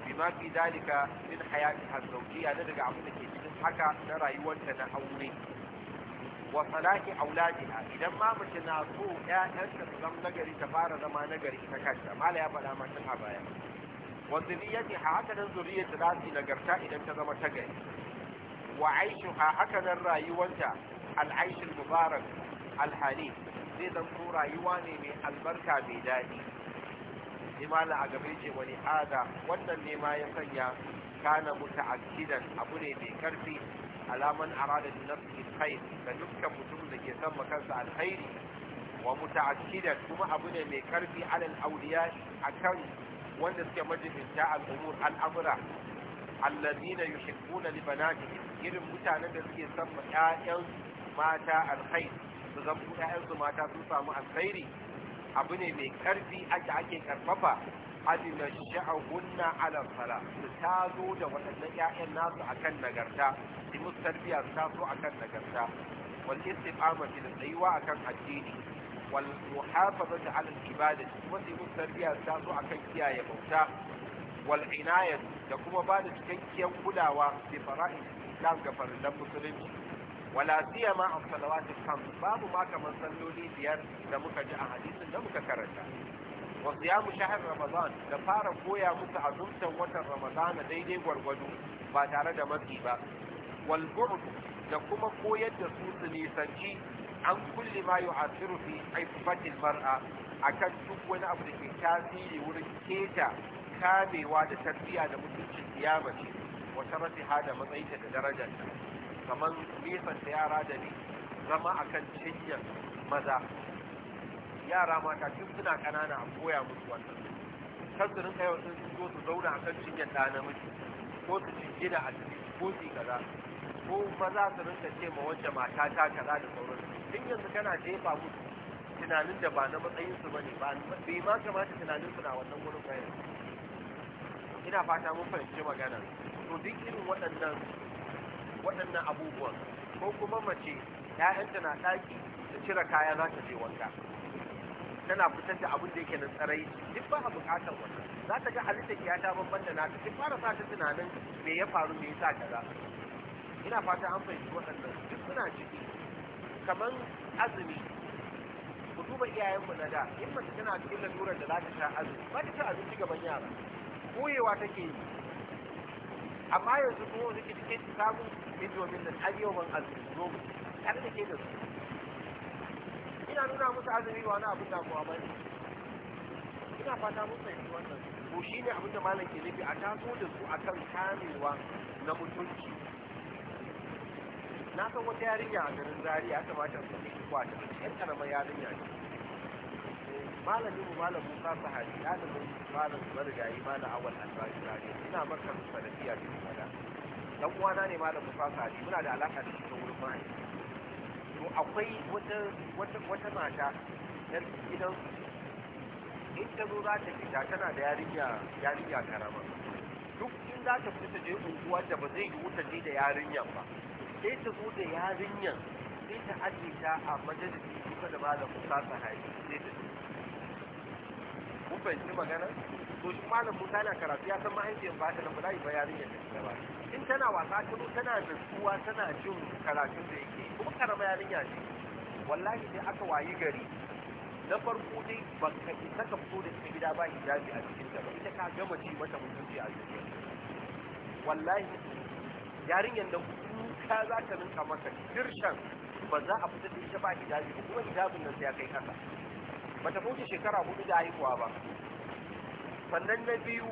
بما في ذلك من حياتها الزوجية نرجع منك حكى نرى يوانتنا أولي wa salati auladina idan ma mace na so ƴaƴanta su zama nagari ta fara zama nagari ita kanta mala ya faɗa mata a baya wa zuriyati ha haka nan zuriyata za su nagarta idan ta zama ta gari wa aishu ha haka nan rayuwanta al'aishul mubarak alhali zai zanto rayuwa ne mai albarka mai daɗi imala a gabe ce wani ada wannan ne ma ya sanya kana muta akidan abu ne mai karfi alaman arada da nafsi alkhair da dukkan mutum da ke san kansa alkhairi wa muta'akkidan kuma abu ne mai karfi alal awliya akan wanda suke majibinta al'umur al'amura allazina yuhibbuna li banatihim irin mutanen da suke san ƴaƴan mata alkhair su zama ƴaƴan su mata sun samu alkhairi abu ne mai karfi ake ake karfafa adina sha'ahunna ala sala su zo da waɗannan ƴaƴan nasu akan nagarta su musu tarbiya su taso akan nagarta wal istiqamati da tsayuwa akan addini wal muhafazati ala ibadati kuma su musu tarbiya su taso akan kiyaye bauta wal inayat da kuma ba da cikakkiyar kulawa bi fara'id islam ga farillan musulunci wala siyama an salawatil khams babu ma kamar salloli biyar da muka ji a hadisin da muka karanta wa siyamu shahr ramadan da fara koya musu azumtan watan ramadan daidai gwargwado ba tare da matsi ba wal da kuma koyar da su su nisanci an kulli ma yu'athiru fi aifatil mar'a akan duk wani abu da ke tasiri wurin keta kamewa da tarbiya da mutuncin kiyama ce wa sharafiha da matsayinta da darajar kamar nisan da yara da ni zama akan cinyar maza yara mata tun suna kanana a koya musu wannan kan su rinka yawan sun zo su zauna a kan cinyar ɗa namiji ko su gida a cikin ko su kaza ko maza su rinka ce ma wacce mata ta kaza da sauran tun yanzu kana jefa musu tunanin da ba na matsayinsu su ne ba bai ma kamata su na wannan wurin kai ina fata mun fahimci magana to duk irin waɗannan waɗannan abubuwan ko kuma mace ‘ya'yanta na ɗaki da cire kaya za ta je wanka tana fitar da abin da yake nan tsarai duk ba a bukatar wannan za ta ga halitta ya ta babban da nata duk fara sa ta tunanin me ya faru me yasa kaza ina fata an fahimci waɗannan duk suna ciki kamar azumi ku duba iyayenmu na da in mace tana cikin lalurar da za ta sha azumi ba ta ci abinci gaban yara koyewa take yi amma yanzu kuma wani cikin samun indomin nan an yau ban azumi zo mu da ke da su ina nuna musu azumi ba wani abin damuwa ba ne ina fata mun fahimci wannan ko shi ne abin da malam ke nufi a taso da su akan kamewa na mutunci na san wata yarinya a garin Zariya ya kamata su ne kuwa ta yan karamar yarinya ne malamin mu malam Musa Sahari ɗalibin malam marigayi malam awal albari Zariya ina maka sanadiyya da fada dan uwana ne malam Musa Sahari muna da alaka da shi ta wurin mahaifi akwai wata mata yan gidan in ta zo za ta fita tana da yarinya karama duk in za ta fita je unguwa da ba zai yi wuta je da yarinya ba sai ta zo da yarinya sai ta ajiye ta a majalisi kusa da malam musa sahabi sai ta kun fahimci magana to shi malam Musa na karatu ya san mahaifiyar ba ta da ba ba yarinya ta ba in tana wasa ta zo tana nutsuwa tana jin karatun da yake kuma karama yarinya ce wallahi sai aka wayi gari na farko dai ba ka isa ka fito da ita gida ba hijabi a cikin ta ba ita ka gama ci mata mutunci a cikin wallahi yarinyar nan kuka za ka rinka maka. dirshan ba za a fita da ita ba hijabi ba kuma hijabin nan sai ya kai kasa bata kauce shekara hudu da haihuwa ba sannan na biyu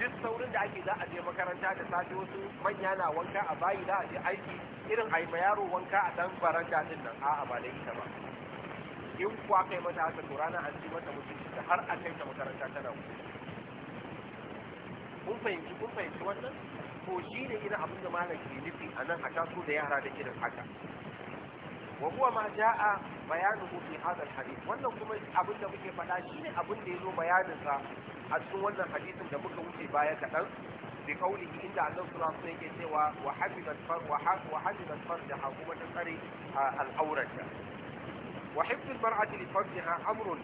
duk saurin da ake za a je makaranta da safe wasu manya na wanka a bayi za a je aiki irin a yi ma yaro wanka a dan baranda din nan a'a ba da ita ba in kuwa kai mata haka to rana an ji mata mutunci da har a kai ta makaranta tana wuce kun fahimci kun fahimci wannan Ko shi ne irin abin da malam ke nufi a nan a taso da yara da irin haka wa huwa ma jaa bayanuhu fi hadha alhadith wannan kuma abin da muke faɗa shine abin da yazo bayanin sa a cikin wannan hadisin da muka wuce baya kaɗan bi qawlihi inda Allah subhanahu wa yake cewa wa hadidat far wa had wa ta tsare al'aurata wa hifz al li amrun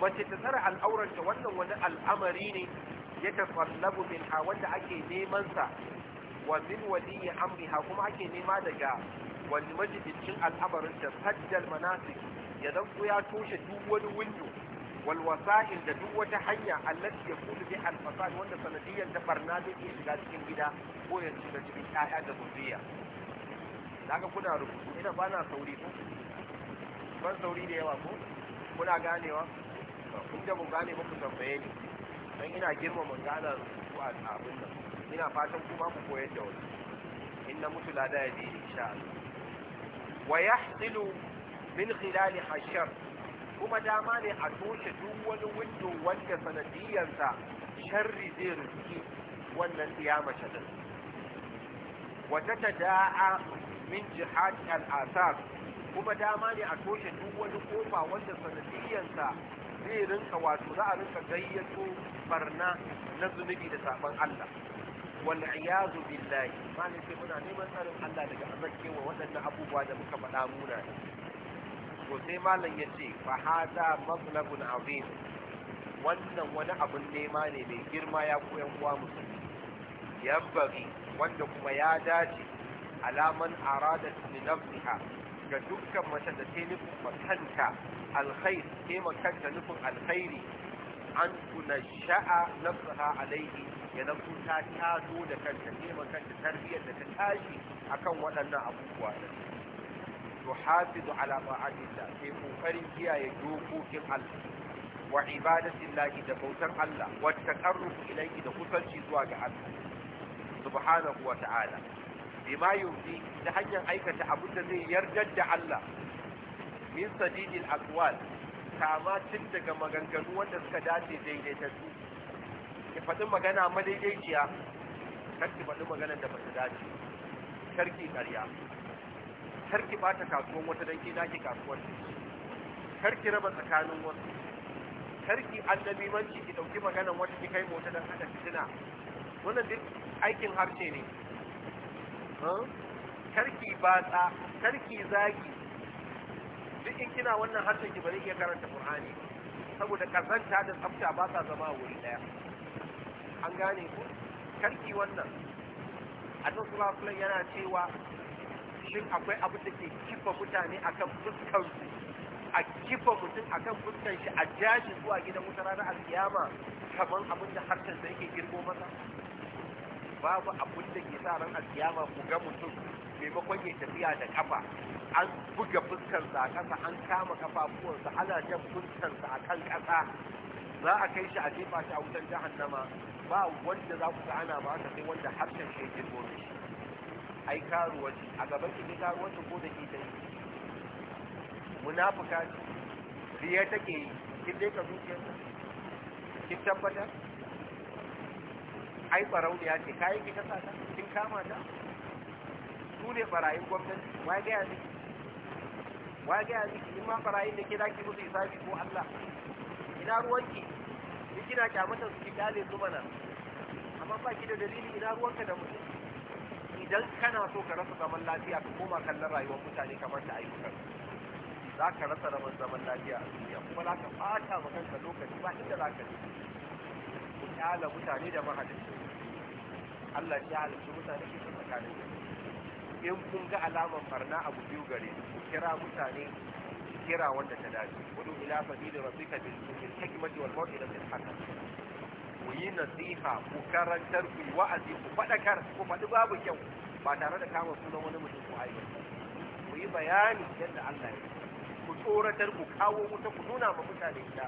mace ta tsare al'aurata wannan wani al'amari ne ya tafallabu minha wanda ake neman sa wa min waliyi amriha kuma ake nema daga wani majibincin al'amarin ta sajjal manasik ya zanko ya toshe duk wani windo wal da duk wata hanya allati yakunu bi al fasad wanda sanadiyan ta barna zai iya shiga cikin gida ko ya shiga cikin ƴaƴa da zuriya daga kuna rubutu ina ba na sauri ko ban sauri da yawa ko kuna ganewa kun da mun gane muku tambaye ni dan ina girmama gane rubutu a abin nan ina fatan kuma ku koyar da wani in na mutu lada ya je insha Allah wa yahsilu min khilali hashar kuma dama ne a toshe duk wani windo wanda sanadiyarsa sharri zai riski wannan tsiyamace din wata ta da'a min jihad al'asar kuma dama a toshe duk wani kofa wanda sanadiyarsa zai rinka wato za'a a gayyato barna na zunubi da sabon Allah wal iyazu billahi malai sai muna neman tsarin Allah daga azarke wa waɗannan abubuwa da muka faɗa muna to sai malam ya ce fa hada mablabun azim wannan wani abun nema ne mai girma ya koyan uwa musulmi yambari wanda kuma ya dace alaman aradat li nafsiha ga dukkan mace da ta nufin makanta alkhair ta nufin alkhairi an kuna sha'a nafsaha alaihi ya zanto ta tazo da kanta nema kanta tarbiyyar da ta tashi akan waɗannan abubuwa da to hafizu ala ma'adillah sai kokarin kiyaye dokokin Allah wa ibadatillahi da bautar Allah wa taqarrub ilayhi da kusanci zuwa ga Allah subhanahu wa ta'ala bima yufi ta hanyar aikata abin da zai yarda da Allah min sadidil aqwal kama tun daga maganganu wanda suka dace daidaitattu ki faɗi magana madaidaiciya ki faɗi magana da ba ta dace ki ƙarya ki ɓata kasuwan wata don ki daki kasuwar ki raba tsakanin wasu ki annabi manci ki ɗauki magana wata ki kai mota don haɗa fitina wannan duk aikin harshe ne Kar ki batsa ki zagi duk in kina wannan harshen ki bari iya karanta qur'ani saboda kazanta da tsafta ba sa zama wuri daya an gane ku karki wannan annabi sallallahu alaihi yana cewa shin akwai abu da ke kifa mutane akan fuskar su a kifa mutum akan fuskar shi a jaji zuwa gidan wuta a alkiyama kamar abin da harkar da yake girgo masa babu abin da ke sa ran alkiyama ku ga mutum maimakon ya tafiya da kafa an buga fuskarsa a ƙasa an kama kafafuwansa ana jan fuskarsa a kan kasa za a kai shi a jefa shi a wutar jahannama ba wanda za ku ana ba ka sai wanda harshen shi yake zo shi ai karuwaci a gaban ki ne karuwaci ko da ita yi munafuka ce riya take yi kin dai ka ta kin tabbatar ai barauniya ce kayan ki ta kin kama ta su ne barayin gwamnati wa gaya ne wa gaya ne in ma barayin da ke zaki musu isabi ko Allah ina ruwanki kina kyamata su ki kyale su mana amma ba ki da dalili ina ruwanka da mutum idan kana so ka rasa zaman lafiya ka koma kallon rayuwar mutane kamar da ayyukan za ka rasa zaman zaman lafiya a duniya kuma za ka ɓata ma kanka lokaci ba inda za ka je ku kyala mutane da mahalicci Allah ya halicci mutane ke tsakanin in kun ga alamar barna abu biyu gare ku kira mutane kira wanda ta da wudu ila sabili rabbika bil hikmati wal mawidati al hasana ku yi nasiha ku karantar ku wa'azi ku fadakar ku fadi babu kyau ba tare da kama sunan wani mutum ku aibata ku yi bayani yadda Allah ya ku tsoratar ku kawo wuta ku nuna ma mutane gida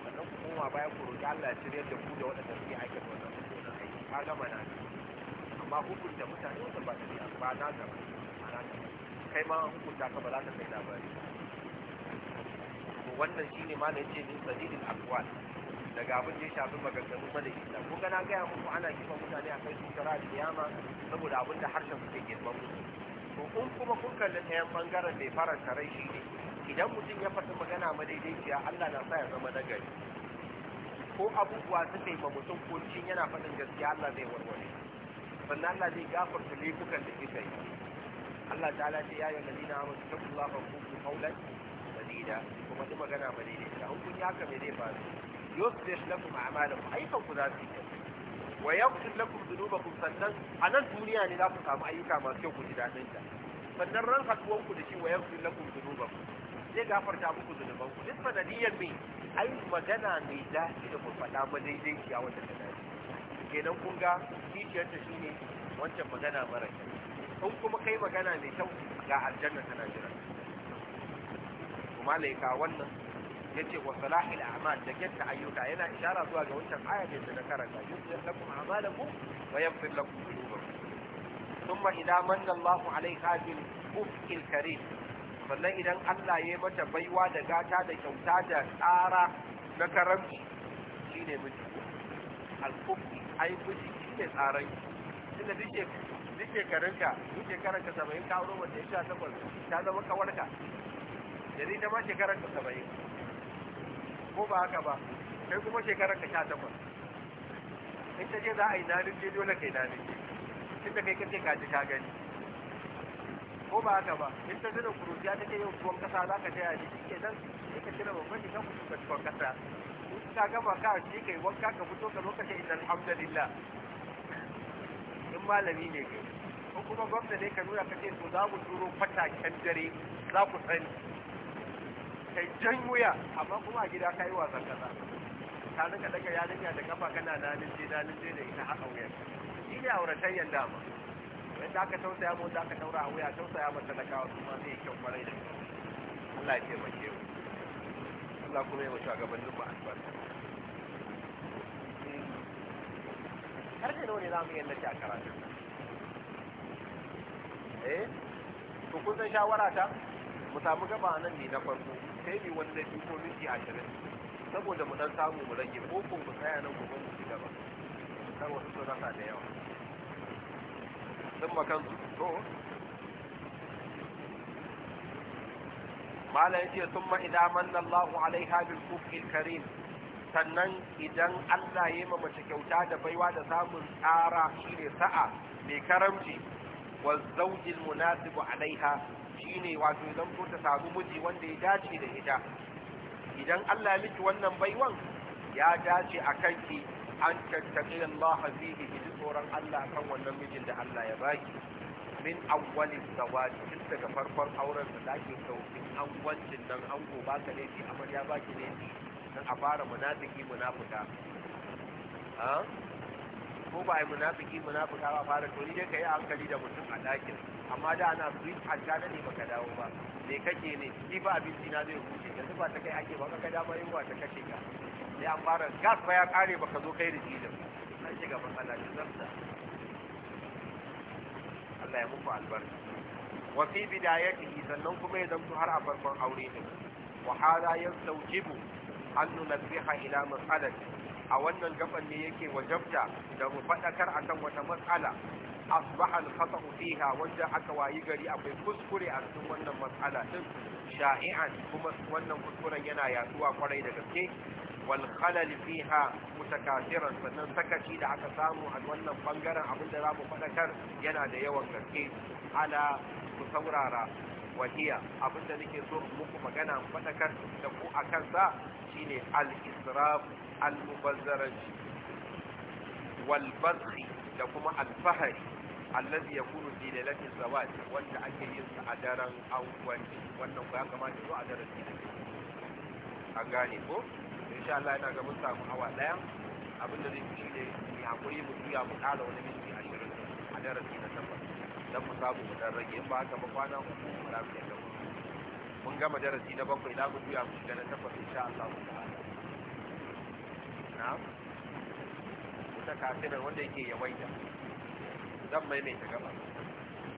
sannan ku koma baya ku Allah ya shirya da ku da waɗanda suke aiki gama na amma hukunta mutane wanda ba su ba kai ma hukunta ka ba za ka kai labari ba wannan shi ne ma ce min sadidil aqwal daga abin da ya shafi maganganun mana kisa ko ga na gaya muku ana kifa mutane a kai da yama saboda abin da harshen suke girman musu to in kuma kun kalli yan bangaren mai faranta rai shi ne idan mutum ya fata magana madaidaiciya Allah na sa ya zama nagari ko abubuwa su yi ma mutum kuncin yana faɗin gaskiya Allah zai warware sannan Allah zai gafarta laifukan da kika yi Allah ta'ala ce ya yi lalina amanu taqullaha wa qulu qawlan madaidaici kuma ni magana madaidaiciya in kun yi haka me zai faru yuslih lakum a'malakum ayyukan ku za su yi wa yaghfir lakum dhunubakum sannan a nan duniya ne za ku samu ayyuka masu kyau ku ji dadin ta sannan ran haduwan ku da shi wa yaghfir lakum dhunubakum zai gafarta muku zunuban ku duk sanadiyyar me ai magana mai daɗi da ku faɗa madaidaiciya wanda ta dace kenan kun ga kiciyar ta shine wancan magana mara kyau in kuma kai magana mai kyau ga aljanna tana jira malaika wannan yace wa salahil a'mal da kyatta ayyuka yana ishara zuwa ga wancan ayat da na karanta yusir lakum a'malakum wa yaghfir lakum dhunubakum thumma idza manna Allahu 'alayka bil ufqil karim sannan idan Allah ya mata baiwa da gata da kyauta da tsara na karanci, shine miji al-ufqi ai miji shine tsaran tunda duk duk shekaranka duk shekaranka 70 ka aure wanda ya sha takwas ta zama kawarka da ita ma shekarar ka saba'in ko ba haka ba sai kuma shekarar ka sha takwas in ta ce za a yi nanin je dole kai nanin je da kai kace ka ji ka gani ko ba haka ba in ta zira kuruciya ta ce yau tuwon kasa za ka taya shi ke nan sai ka cire babban shi kan kusurka tuwon kasa in ka gama ka shi kai wanka ka fito ka lokacin inna alhamdulillah in malami ne kai ko kuma gwamna ne ka nuna ka ce to za mu turo fataken dare za ku sani kai jan wuya amma kuma a gida ka yi wasan kaza ka daga daga yarinya da kafa kana nan je da ita haka wuya shi ne yanda dama wai da ka tausaya mu da ka taura a wuya tausaya mata da kawo su ma zai kyau kwarai da Allah ya taimake mu Allah kuma ya mutu a gabanin mu albarka karfe nawa ne za mu yallace a karatu eh to kun san shawara ta mu samu gaba nan ne na farko sai ne wani laifi ko minti ashirin saboda mu dan samu mu rage ko ko mu tsaya nan gobe mu ci gaba kar wasu su rasa da yawa sun makan su to mala yace thumma idza manna Allahu alaiha bil kufil karim sannan idan Allah ya ma mace kyauta da baiwa da samun tsara shine sa'a mai karamci wa zawjil munasibu alaiha shine wato idan ko ta samu miji wanda ya dace da ita idan Allah ya miki wannan baiwan ya dace a kanki an tattaqi Allah fihi bi tsoron Allah kan wannan mijin da Allah ya baki min awwalin zawaji tun daga farkon auren da zaki saukin an wancin nan an goba ka laifi amma ya baki ne dan a fara munafiki munafuka ko ba ai munafiki munafuka ba fara to ni dai kai hankali da mutum a dakin amma da ana su a gane ne baka dawo ba me kake ne shi ba abinci na zai huce Su ba ta kai ake ba ka dama yin ta kashe ka sai an fara gas ba ya kare baka zo kai rijiyar an shiga matsala da zarta Allah ya muku albarka wa fi bidayatihi sannan kuma ya su har a farkon aure ne wa hada yastawjibu an nunabbiha ila mas'alati a wannan gaban ne yake wajabta da mu fadakar akan wata matsala asbaha al fiha wanda aka wayi gari akwai kuskure a cikin wannan matsala din sha'i'an wannan kuskuren yana yaduwa kwarai da gaske wal khalal fiha mutakathiran sannan sakaci da aka samu a wannan bangaren abin da zamu fadakar yana da yawan gaske ala ku saurara wahiya abin nake so muku magana fadakar da ku akan sa shine al-israf al-mubazzaranci wal da kuma alfahari. allazi yakunu fi lailatil zawaj wanda ake yin sa a daren angwanci wannan ko ya kamata zo a daren ne an gane ko insha Allah ina ga mun samu hawa daya abin da zai fi ne ya hakuri mu tuya mu kara wani minti 20 a daren ne tabbas dan mu samu mu dan rage in ba haka ba kwana uku mu rabu da gaba mun gama darasi na bakwai za mu tuya mu shiga na tabbas insha Allah ta'ala na'am wata kafirar wanda yake yawaita zan ta gaba